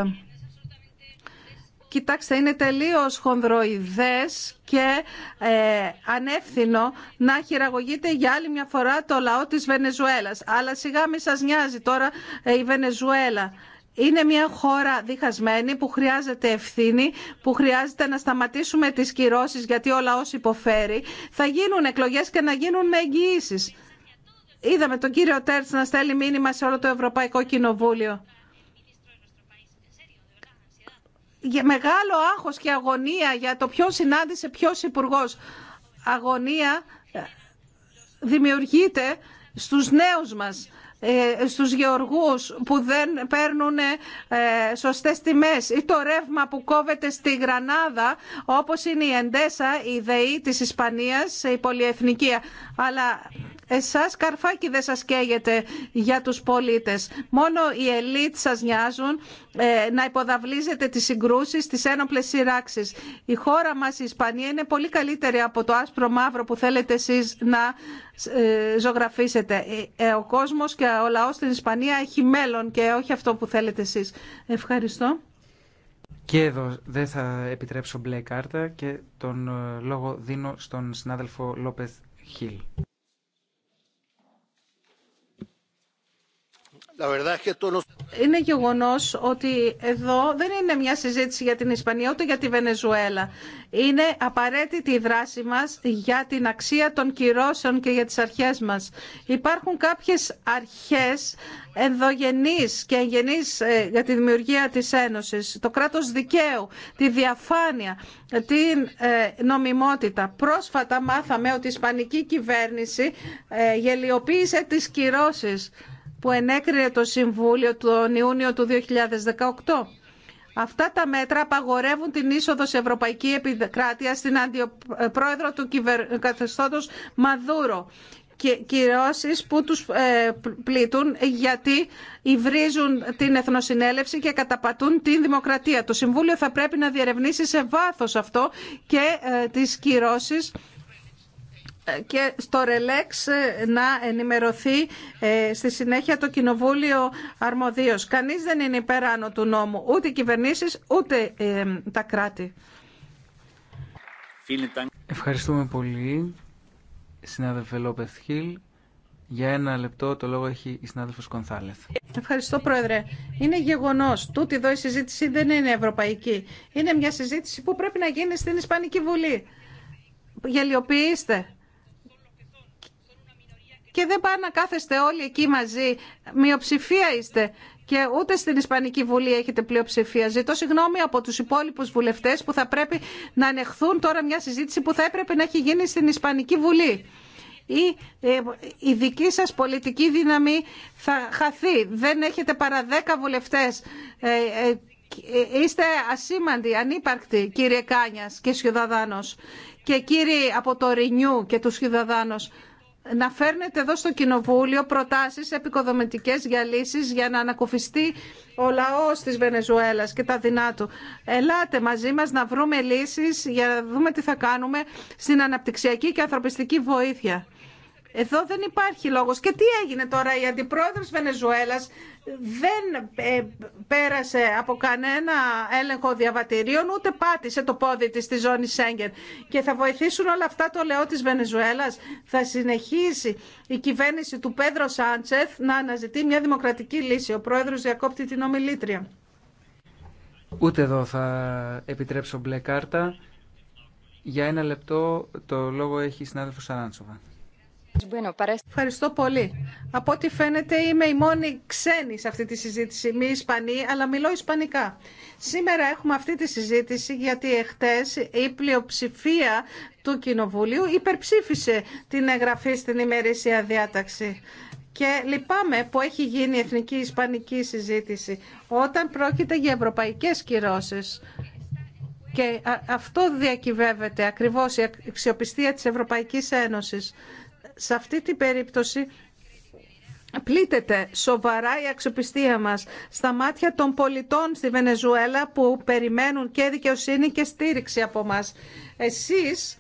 Κοιτάξτε, είναι τελείως χονδροειδές και ε, ανεύθυνο να χειραγωγείτε για άλλη μια φορά το λαό της Βενεζουέλας. Αλλά σιγά μη σας νοιάζει τώρα ε, η Βενεζουέλα. Είναι μια χώρα διχασμένη που χρειάζεται ευθύνη, που χρειάζεται να σταματήσουμε τις κυρώσεις γιατί ο λαός υποφέρει. Θα γίνουν εκλογές και να γίνουν με εγγυήσεις. Είδαμε τον κύριο Τέρτς να στέλνει μήνυμα σε όλο το Ευρωπαϊκό Κοινοβούλιο. Για μεγάλο άγχος και αγωνία για το ποιο συνάντησε ποιο υπουργό. Αγωνία ε, δημιουργείται στους νέους μας ε, στους γεωργούς που δεν παίρνουν ε, σωστές τιμές ή το ρεύμα που κόβεται στη Γρανάδα όπως είναι η Εντέσα, η ΔΕΗ της Ισπανίας, η πολυεθνική. Αλλά εσάς καρφάκι δεν σας καίγεται για τους πολίτες. Μόνο οι ελίτ σας νοιάζουν ε, να υποδαβλίζετε τις συγκρούσεις, τις ένοπλες σειράξεις. Η χώρα μας, η Ισπανία, είναι πολύ καλύτερη από το άσπρο μαύρο που θέλετε εσείς να ε, ζωγραφίσετε. Ε, ο κόσμος και ο λαός στην Ισπανία έχει μέλλον και όχι αυτό που θέλετε εσείς. Ευχαριστώ. Και εδώ δεν θα επιτρέψω μπλε κάρτα και τον λόγο δίνω στον συνάδελφο Λόπεθ Χίλ. Είναι γεγονό ότι εδώ δεν είναι μια συζήτηση για την Ισπανία ούτε για τη Βενεζουέλα. Είναι απαραίτητη η δράση μας για την αξία των κυρώσεων και για τις αρχές μας. Υπάρχουν κάποιες αρχές ενδογενείς και εγγενεί ε, για τη δημιουργία της Ένωσης. Το κράτος δικαίου, τη διαφάνεια, την ε, νομιμότητα. Πρόσφατα μάθαμε ότι η Ισπανική κυβέρνηση ε, γελιοποίησε τι κυρώσει που ενέκρινε το Συμβούλιο τον Ιούνιο του 2018. Αυτά τα μέτρα απαγορεύουν την είσοδο σε ευρωπαϊκή επικράτεια στην αντιπρόεδρο του καθεστώτος Μαδούρο και κυρώσεις που τους ε, πλήττουν γιατί υβρίζουν την Εθνοσυνέλευση και καταπατούν την δημοκρατία. Το Συμβούλιο θα πρέπει να διερευνήσει σε βάθος αυτό και ε, τις κυρώσεις και στο ρελέξ να ενημερωθεί ε, στη συνέχεια το Κοινοβούλιο αρμοδίως. Κανείς δεν είναι υπεράνω του νόμου, ούτε οι κυβερνήσεις, ούτε ε, τα κράτη. Ευχαριστούμε πολύ, συνάδελφε Λόπεθ Χίλ. Για ένα λεπτό το λόγο έχει η συνάδελφο Κονθάλεθ. Ευχαριστώ, Πρόεδρε. Είναι γεγονό. Τούτη εδώ η συζήτηση δεν είναι ευρωπαϊκή. Είναι μια συζήτηση που πρέπει να γίνει στην Ισπανική Βουλή. Γελιοποιήστε και δεν πάνε να κάθεστε όλοι εκεί μαζί. Μειοψηφία είστε και ούτε στην Ισπανική Βουλή έχετε πλειοψηφία. Ζητώ συγγνώμη από του υπόλοιπου βουλευτέ που θα πρέπει να ανεχθούν τώρα μια συζήτηση που θα έπρεπε να έχει γίνει στην Ισπανική Βουλή. Η, ε, η δική σα πολιτική δύναμη θα χαθεί. Δεν έχετε παρά δέκα βουλευτές. Ε, ε, είστε ασήμαντοι, ανύπαρκτοι, κύριε Κάνιας και Σιωδαδάνος. Και κύριοι από το Ρινιού και του Σιουδαδάνο να φέρνετε εδώ στο Κοινοβούλιο προτάσεις επικοδομητικές για λύσεις για να ανακουφιστεί ο λαός της Βενεζουέλας και τα δεινά του. Ελάτε μαζί μας να βρούμε λύσεις για να δούμε τι θα κάνουμε στην αναπτυξιακή και ανθρωπιστική βοήθεια. Εδώ δεν υπάρχει λόγος. Και τι έγινε τώρα, η αντιπρόεδρος Βενεζουέλας δεν ε, πέρασε από κανένα έλεγχο διαβατηρίων, ούτε πάτησε το πόδι της στη ζώνη Σέγγεν. Και θα βοηθήσουν όλα αυτά το λαιό της Βενεζουέλας. Θα συνεχίσει η κυβέρνηση του Πέδρο Σάντσεθ να αναζητεί μια δημοκρατική λύση. Ο πρόεδρος διακόπτει την ομιλήτρια. Ούτε εδώ θα επιτρέψω μπλε κάρτα. Για ένα λεπτό το λόγο έχει η συνάδελφος Σαράντσοβα. Ευχαριστώ πολύ. Από ό,τι φαίνεται είμαι η μόνη ξένη σε αυτή τη συζήτηση, μη Ισπανή, αλλά μιλώ Ισπανικά. Σήμερα έχουμε αυτή τη συζήτηση γιατί εχθές η πλειοψηφία του Κοινοβουλίου υπερψήφισε την εγγραφή στην ημερήσια διάταξη. Και λυπάμαι που έχει γίνει η εθνική ισπανική συζήτηση όταν πρόκειται για ευρωπαϊκές κυρώσεις. Και αυτό διακυβεύεται ακριβώς η αξιοπιστία της Ευρωπαϊκής Ένωσης σε αυτή την περίπτωση πλήττεται σοβαρά η αξιοπιστία μας στα μάτια των πολιτών στη Βενεζουέλα που περιμένουν και δικαιοσύνη και στήριξη από μας. Εσείς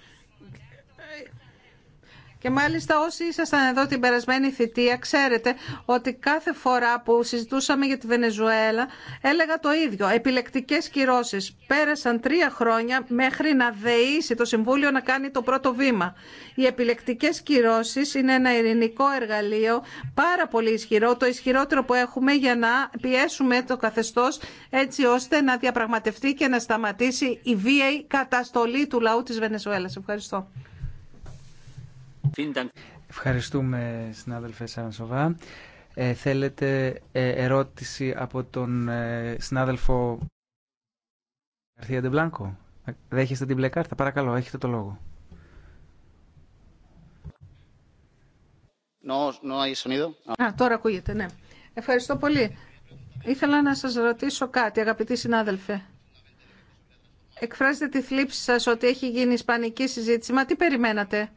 και μάλιστα όσοι ήσασταν εδώ την περασμένη θητεία, ξέρετε ότι κάθε φορά που συζητούσαμε για τη Βενεζουέλα έλεγα το ίδιο. Επιλεκτικές κυρώσεις. Πέρασαν τρία χρόνια μέχρι να δεήσει το Συμβούλιο να κάνει το πρώτο βήμα. Οι επιλεκτικές κυρώσεις είναι ένα ειρηνικό εργαλείο πάρα πολύ ισχυρό, το ισχυρότερο που έχουμε για να πιέσουμε το καθεστώς έτσι ώστε να διαπραγματευτεί και να σταματήσει η βίαιη καταστολή του λαού της Βενεζουέλας. Ευχαριστώ. Ευχαριστούμε, συνάδελφε Σαρανσοβά. Ε, θέλετε ε, ερώτηση από τον ε, συνάδελφο Καρθία Ντεμπλάνκο. Ε, δέχεστε την μπλε κάρτα. Παρακαλώ, έχετε το λόγο. Α, τώρα ακούγεται, ναι. Ευχαριστώ πολύ. Ήθελα να σας ρωτήσω κάτι, αγαπητή συνάδελφε. Εκφράζετε τη θλίψη σας ότι έχει γίνει ισπανική συζήτηση. Μα τι περιμένατε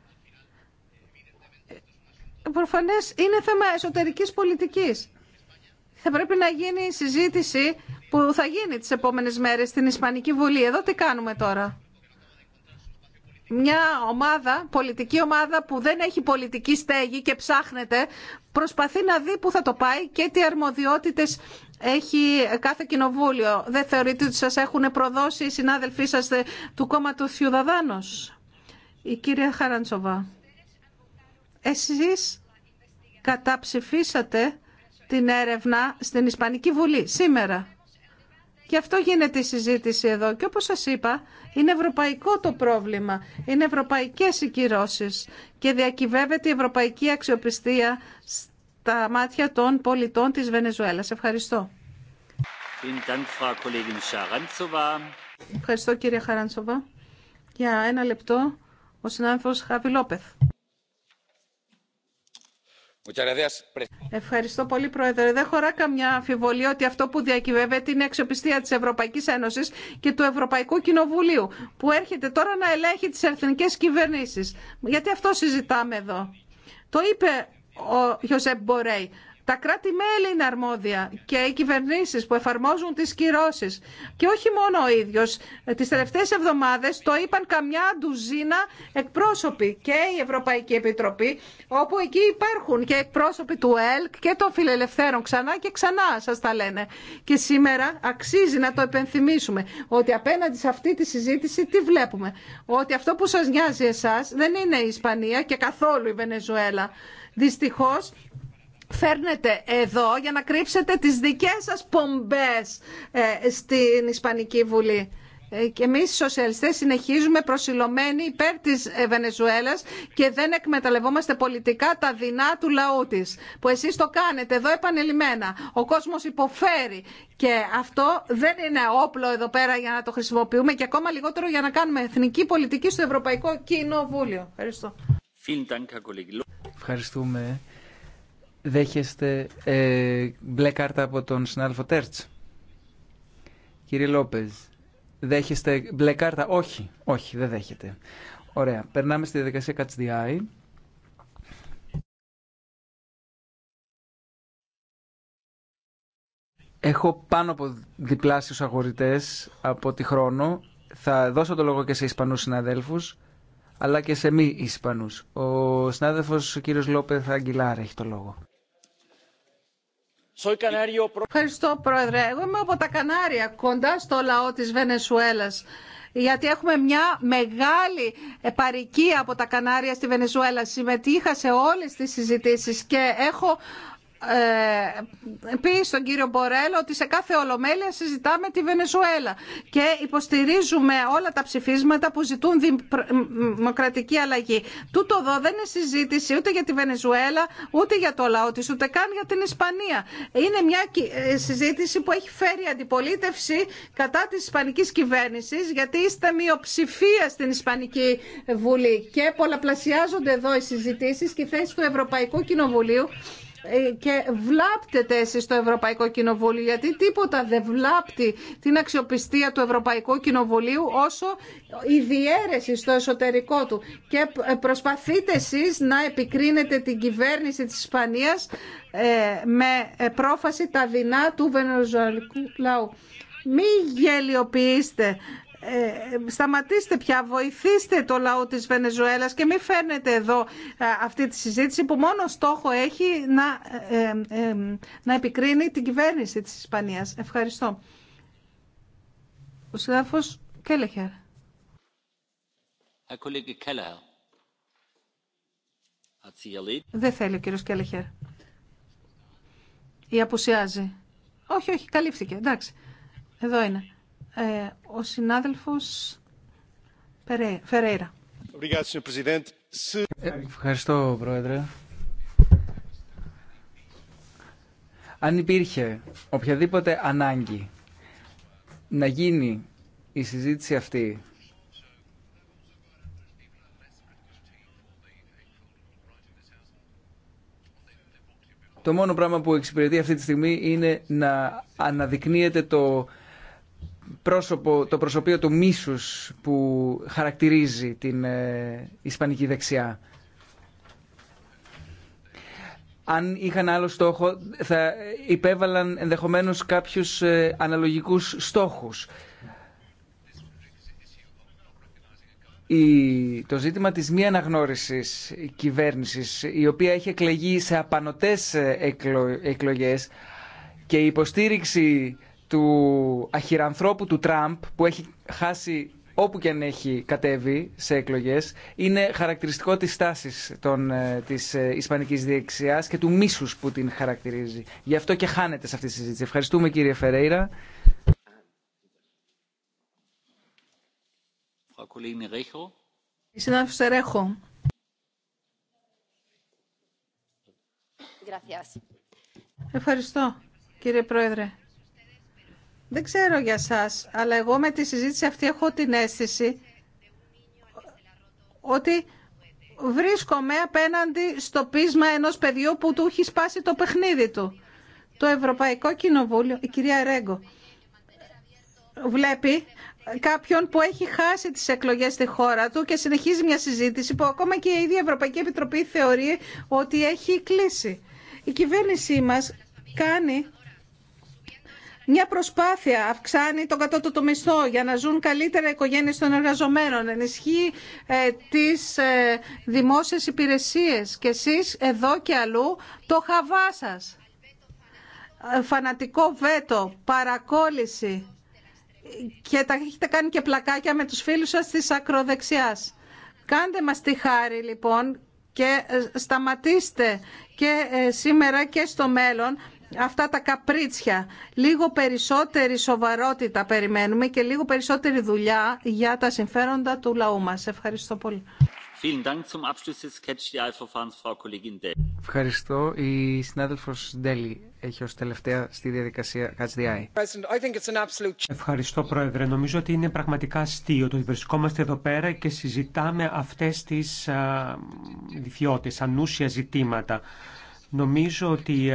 προφανές είναι θέμα εσωτερικής πολιτικής. Θα πρέπει να γίνει η συζήτηση που θα γίνει τις επόμενες μέρες στην Ισπανική Βουλή. Εδώ τι κάνουμε τώρα. Μια ομάδα, πολιτική ομάδα που δεν έχει πολιτική στέγη και ψάχνεται, προσπαθεί να δει πού θα το πάει και τι αρμοδιότητες έχει κάθε κοινοβούλιο. Δεν θεωρείτε ότι σας έχουν προδώσει οι συνάδελφοί σας ε, του κόμματος Ιουδαδάνος. Η κυρία Χαραντσοβά. Εσείς καταψηφίσατε την έρευνα στην Ισπανική Βουλή σήμερα. Και αυτό γίνεται η συζήτηση εδώ. Και όπως σας είπα, είναι ευρωπαϊκό το πρόβλημα. Είναι ευρωπαϊκές οι κυρώσεις και διακυβεύεται η ευρωπαϊκή αξιοπιστία στα μάτια των πολιτών της Βενεζουέλας. Ευχαριστώ. Ευχαριστώ κύριε Χαράντσοβα. Για ένα λεπτό, ο συνάδελφος Χαβιλόπεθ. Ευχαριστώ πολύ, Πρόεδρε. Δεν χωρά καμιά αμφιβολία ότι αυτό που διακυβεύεται είναι η αξιοπιστία τη Ευρωπαϊκή Ένωση και του Ευρωπαϊκού Κοινοβουλίου, που έρχεται τώρα να ελέγχει τι εθνικέ κυβερνήσει. Γιατί αυτό συζητάμε εδώ. Το είπε ο Γιωσέπ Μπορέι. Τα κράτη-μέλη είναι αρμόδια και οι κυβερνήσεις που εφαρμόζουν τις κυρώσεις. Και όχι μόνο ο ίδιος. Τις τελευταίες εβδομάδες το είπαν καμιά ντουζίνα εκπρόσωποι και η Ευρωπαϊκή Επιτροπή, όπου εκεί υπάρχουν και εκπρόσωποι του ΕΛΚ και των φιλελευθέρων ξανά και ξανά σας τα λένε. Και σήμερα αξίζει να το επενθυμίσουμε ότι απέναντι σε αυτή τη συζήτηση τι βλέπουμε. Ότι αυτό που σας νοιάζει εσά δεν είναι η Ισπανία και καθόλου η Βενεζουέλα. Δυστυχώς φέρνετε εδώ για να κρύψετε τις δικές σας πομπές ε, στην Ισπανική Βουλή. Ε, και εμεί οι σοσιαλιστές συνεχίζουμε προσιλωμένοι υπέρ τη ε, Βενεζουέλα και δεν εκμεταλλευόμαστε πολιτικά τα δεινά του λαού της. Που εσεί το κάνετε εδώ επανελειμμένα. Ο κόσμος υποφέρει. Και αυτό δεν είναι όπλο εδώ πέρα για να το χρησιμοποιούμε και ακόμα λιγότερο για να κάνουμε εθνική πολιτική στο Ευρωπαϊκό Κοινοβούλιο. Ευχαριστώ. Δέχεστε ε, μπλε κάρτα από τον συνάδελφο Τέρτς. Κύριε Λόπεζ, δέχεστε μπλε κάρτα. Όχι, όχι, δεν δέχεται. Ωραία, περνάμε στη διαδικασία Catch Έχω πάνω από διπλάσιους αγορητές από τη χρόνο. Θα δώσω το λόγο και σε Ισπανούς συναδέλφους, αλλά και σε μη Ισπανούς. Ο συνάδελφος ο κύριος Λόπεθ Αγγιλάρ έχει το λόγο. Ευχαριστώ, Πρόεδρε. Εγώ είμαι από τα Κανάρια, κοντά στο λαό της Βενεσουέλας γιατί έχουμε μια μεγάλη παρικία από τα Κανάρια στη Βενεζουέλα. Συμμετείχα σε όλες τις συζητήσεις και έχω ε, πει στον κύριο Μπορέλο ότι σε κάθε ολομέλεια συζητάμε τη Βενεζουέλα και υποστηρίζουμε όλα τα ψηφίσματα που ζητούν δημοκρατική αλλαγή. Τούτο εδώ δεν είναι συζήτηση ούτε για τη Βενεζουέλα, ούτε για το λαό τη, ούτε καν για την Ισπανία. Είναι μια ε, συζήτηση που έχει φέρει αντιπολίτευση κατά τη ισπανική κυβέρνηση γιατί είστε μειοψηφία στην Ισπανική Βουλή και πολλαπλασιάζονται εδώ οι συζητήσει και θέσει του Ευρωπαϊκού Κοινοβουλίου ε, και βλάπτετε εσείς το Ευρωπαϊκό Κοινοβούλιο γιατί τίποτα δεν βλάπτει την αξιοπιστία του Ευρωπαϊκού Κοινοβουλίου όσο η διέρεση στο εσωτερικό του και ε, προσπαθείτε εσείς να επικρίνετε την κυβέρνηση της Ισπανίας ε, με πρόφαση τα δεινά του βενεζουαλικού λαού. Μη γελιοποιήστε ε, σταματήστε πια, βοηθήστε το λαό της Βενεζουέλας και μην φέρνετε εδώ ε, αυτή τη συζήτηση που μόνο στόχο έχει να, ε, να επικρίνει την κυβέρνηση της Ισπανίας. Ευχαριστώ. Ο συνάδελφος Κέλεχερ. Δεν θέλει ο κύριος Κέλεχερ. Ή απουσιάζει. Όχι, όχι, καλύφθηκε. Εντάξει. Εδώ είναι. Ε, ο συνάδελφος Φερέιρα. Ε, ευχαριστώ, Πρόεδρε. Αν υπήρχε οποιαδήποτε ανάγκη να γίνει η συζήτηση αυτή Το μόνο πράγμα που εξυπηρετεί αυτή τη στιγμή είναι να αναδεικνύεται το πρόσωπο, το προσωπείο του μίσου που χαρακτηρίζει την ε, ισπανική δεξιά. Αν είχαν άλλο στόχο θα υπέβαλαν ενδεχομένως κάποιους ε, αναλογικούς στόχους. Η, το ζήτημα της μη αναγνώρισης κυβέρνησης η οποία έχει εκλεγεί σε απανοτές ε, εκλογές και η υποστήριξη του αχυρανθρώπου του Τραμπ που έχει χάσει όπου και αν έχει κατέβει σε εκλογές είναι χαρακτηριστικό της στάσης των, ε, της ε, ισπανικής διεξιάς και του μίσους που την χαρακτηρίζει. Γι' αυτό και χάνεται σε αυτή τη συζήτηση. Ευχαριστούμε κύριε Φερέιρα. Ευχαριστώ κύριε Πρόεδρε. Δεν ξέρω για σας, αλλά εγώ με τη συζήτηση αυτή έχω την αίσθηση ότι βρίσκομαι απέναντι στο πείσμα ενός παιδιού που του έχει σπάσει το παιχνίδι του. Το Ευρωπαϊκό Κοινοβούλιο, η κυρία Ρέγκο, βλέπει κάποιον που έχει χάσει τις εκλογές στη χώρα του και συνεχίζει μια συζήτηση που ακόμα και η ίδια Ευρωπαϊκή Επιτροπή θεωρεί ότι έχει κλείσει. Η κυβέρνησή μας κάνει μια προσπάθεια αυξάνει τον κατώτατο μισθό για να ζουν καλύτερα οι οικογένειες των εργαζομένων. Ενισχύει ε, τις ε, δημόσιες υπηρεσίες. Και εσείς εδώ και αλλού το χαβά σα. Ε, φανατικό βέτο, παρακόλληση και τα έχετε κάνει και πλακάκια με τους φίλους σας της ακροδεξιάς. Κάντε μας τη χάρη λοιπόν και ε, σταματήστε και ε, σήμερα και στο μέλλον αυτά τα καπρίτσια. Λίγο περισσότερη σοβαρότητα περιμένουμε και λίγο περισσότερη δουλειά για τα συμφέροντα του λαού μας. Ευχαριστώ πολύ. Ευχαριστώ. Η συνάδελφο Ντέλη έχει ω τελευταία στη διαδικασία HDI. Ευχαριστώ, Πρόεδρε. Νομίζω ότι είναι πραγματικά αστείο το ότι βρισκόμαστε εδώ πέρα και συζητάμε αυτέ τι διθιώτε, ανούσια ζητήματα. Νομίζω ότι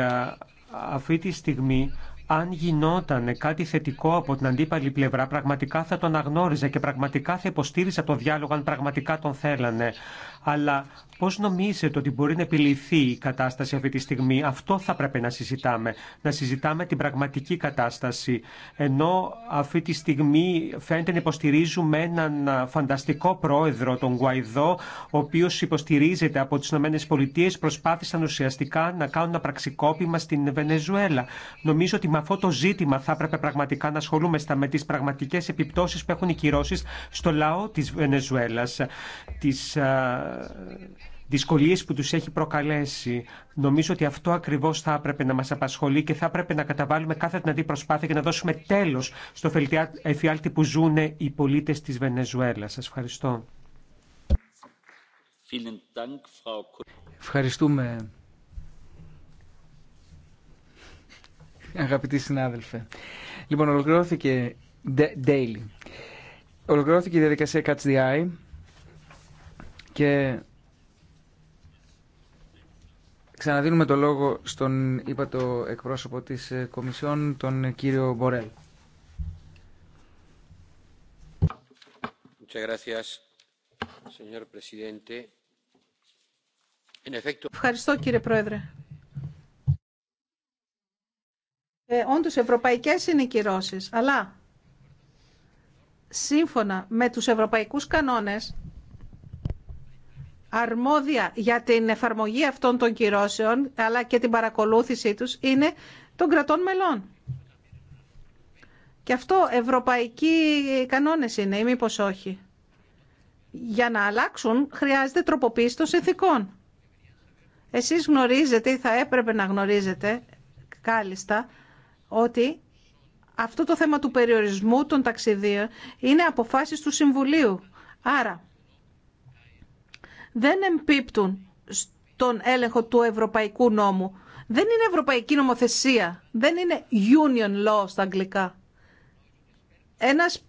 αυτή τη στιγμή αν γινόταν κάτι θετικό από την αντίπαλη πλευρά, πραγματικά θα τον αγνώριζα και πραγματικά θα υποστήριζα το διάλογο αν πραγματικά τον θέλανε αλλά Πώ νομίζετε ότι μπορεί να επιληθεί η κατάσταση αυτή τη στιγμή, αυτό θα πρέπει να συζητάμε. Να συζητάμε την πραγματική κατάσταση. Ενώ αυτή τη στιγμή φαίνεται να υποστηρίζουμε έναν φανταστικό πρόεδρο, τον Γουαϊδό, ο οποίο υποστηρίζεται από τι ΗΠΑ, προσπάθησαν ουσιαστικά να κάνουν ένα πραξικόπημα στην Βενεζουέλα. Νομίζω ότι με αυτό το ζήτημα θα έπρεπε πραγματικά να ασχολούμαστε με τι πραγματικέ επιπτώσει που έχουν οι κυρώσει στο λαό τη Βενεζουέλα δυσκολίες που τους έχει προκαλέσει. Νομίζω ότι αυτό ακριβώς θα έπρεπε να μας απασχολεί και θα έπρεπε να καταβάλουμε κάθε δυνατή προσπάθεια για να δώσουμε τέλος στο εφιάλτη που ζουν οι πολίτες της Βενεζουέλα. Σας ευχαριστώ. Ευχαριστούμε. Αγαπητοί συνάδελφε. Λοιπόν, ολοκληρώθηκε daily. Ολοκληρώθηκε η διαδικασία Catch και ξαναδίνουμε το λόγο στον το εκπρόσωπο της ε, Κομισιόν, τον ε, κύριο Μπορέλ. Ευχαριστώ κύριε Πρόεδρε. Ε, όντως ευρωπαϊκές είναι οι κυρώσεις, αλλά σύμφωνα με τους ευρωπαϊκούς κανόνες αρμόδια για την εφαρμογή αυτών των κυρώσεων αλλά και την παρακολούθησή τους είναι των κρατών μελών. Και αυτό ευρωπαϊκοί κανόνες είναι ή μήπω όχι. Για να αλλάξουν χρειάζεται τροποποίηση των συνθήκων. Εσείς γνωρίζετε ή θα έπρεπε να γνωρίζετε κάλλιστα ότι αυτό το θέμα του περιορισμού των ταξιδίων είναι αποφάσεις του Συμβουλίου. Άρα δεν εμπίπτουν στον έλεγχο του ευρωπαϊκού νόμου. Δεν είναι ευρωπαϊκή νομοθεσία. Δεν είναι union law στα αγγλικά. Ένας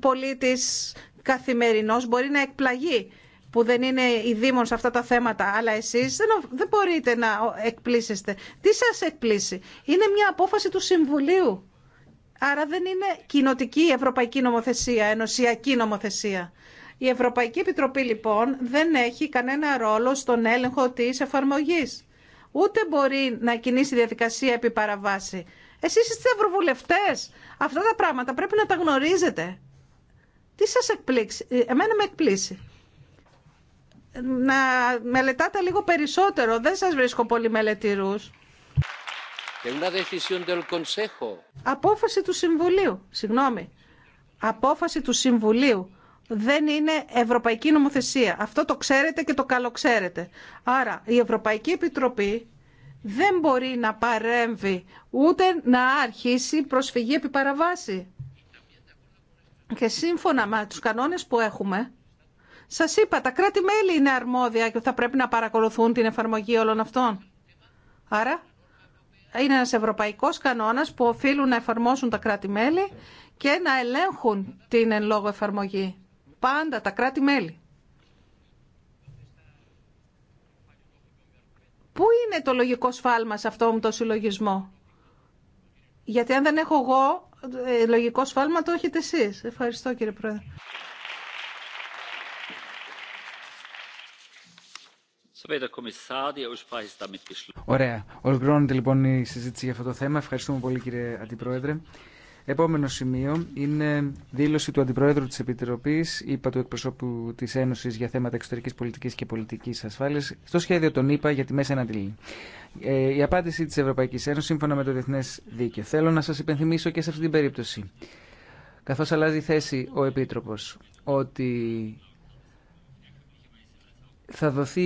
πολίτης καθημερινός μπορεί να εκπλαγεί που δεν είναι η δήμον σε αυτά τα θέματα, αλλά εσείς δεν, δεν μπορείτε να εκπλήσεστε. Τι σας εκπλήσει. Είναι μια απόφαση του Συμβουλίου. Άρα δεν είναι κοινοτική ευρωπαϊκή νομοθεσία, ενωσιακή νομοθεσία. Η Ευρωπαϊκή Επιτροπή λοιπόν δεν έχει κανένα ρόλο στον έλεγχο της εφαρμογής. Ούτε μπορεί να κινήσει διαδικασία επί παραβάση. Εσείς είστε ευρωβουλευτές. Αυτά τα πράγματα πρέπει να τα γνωρίζετε. Τι σας εκπλήξει. Εμένα με εκπλήσει. Να μελετάτε λίγο περισσότερο. Δεν σας βρίσκω πολύ μελετηρούς. Απόφαση του Συμβουλίου. Συγγνώμη. Απόφαση του Συμβουλίου δεν είναι ευρωπαϊκή νομοθεσία. Αυτό το ξέρετε και το καλοξέρετε. Άρα η Ευρωπαϊκή Επιτροπή δεν μπορεί να παρέμβει ούτε να αρχίσει προσφυγή επί παραβάση. Και σύμφωνα με τους κανόνες που έχουμε, σας είπα, τα κράτη-μέλη είναι αρμόδια και θα πρέπει να παρακολουθούν την εφαρμογή όλων αυτών. Άρα, είναι ένας ευρωπαϊκός κανόνας που οφείλουν να εφαρμόσουν τα κράτη-μέλη και να ελέγχουν την εν λόγω εφαρμογή πάντα τα κράτη-μέλη. Πού είναι το λογικό σφάλμα σε αυτό μου το συλλογισμό. Γιατί αν δεν έχω εγώ, ε, λογικό σφάλμα το έχετε εσείς. Ευχαριστώ κύριε Πρόεδρε. Ωραία. Ολοκληρώνεται λοιπόν η συζήτηση για αυτό το θέμα. Ευχαριστούμε πολύ κύριε Αντιπρόεδρε. Επόμενο σημείο είναι δήλωση του Αντιπρόεδρου της Επιτροπής, είπα του εκπροσώπου της Ένωσης για θέματα εξωτερικής πολιτικής και πολιτικής ασφάλειας, στο σχέδιο των ΗΠΑ για τη Μέση Ανατολή. Ε, η απάντηση της Ευρωπαϊκής Ένωσης σύμφωνα με το Διεθνές Δίκαιο. Θέλω να σας υπενθυμίσω και σε αυτή την περίπτωση, καθώς αλλάζει θέση ο Επίτροπος, ότι θα δοθεί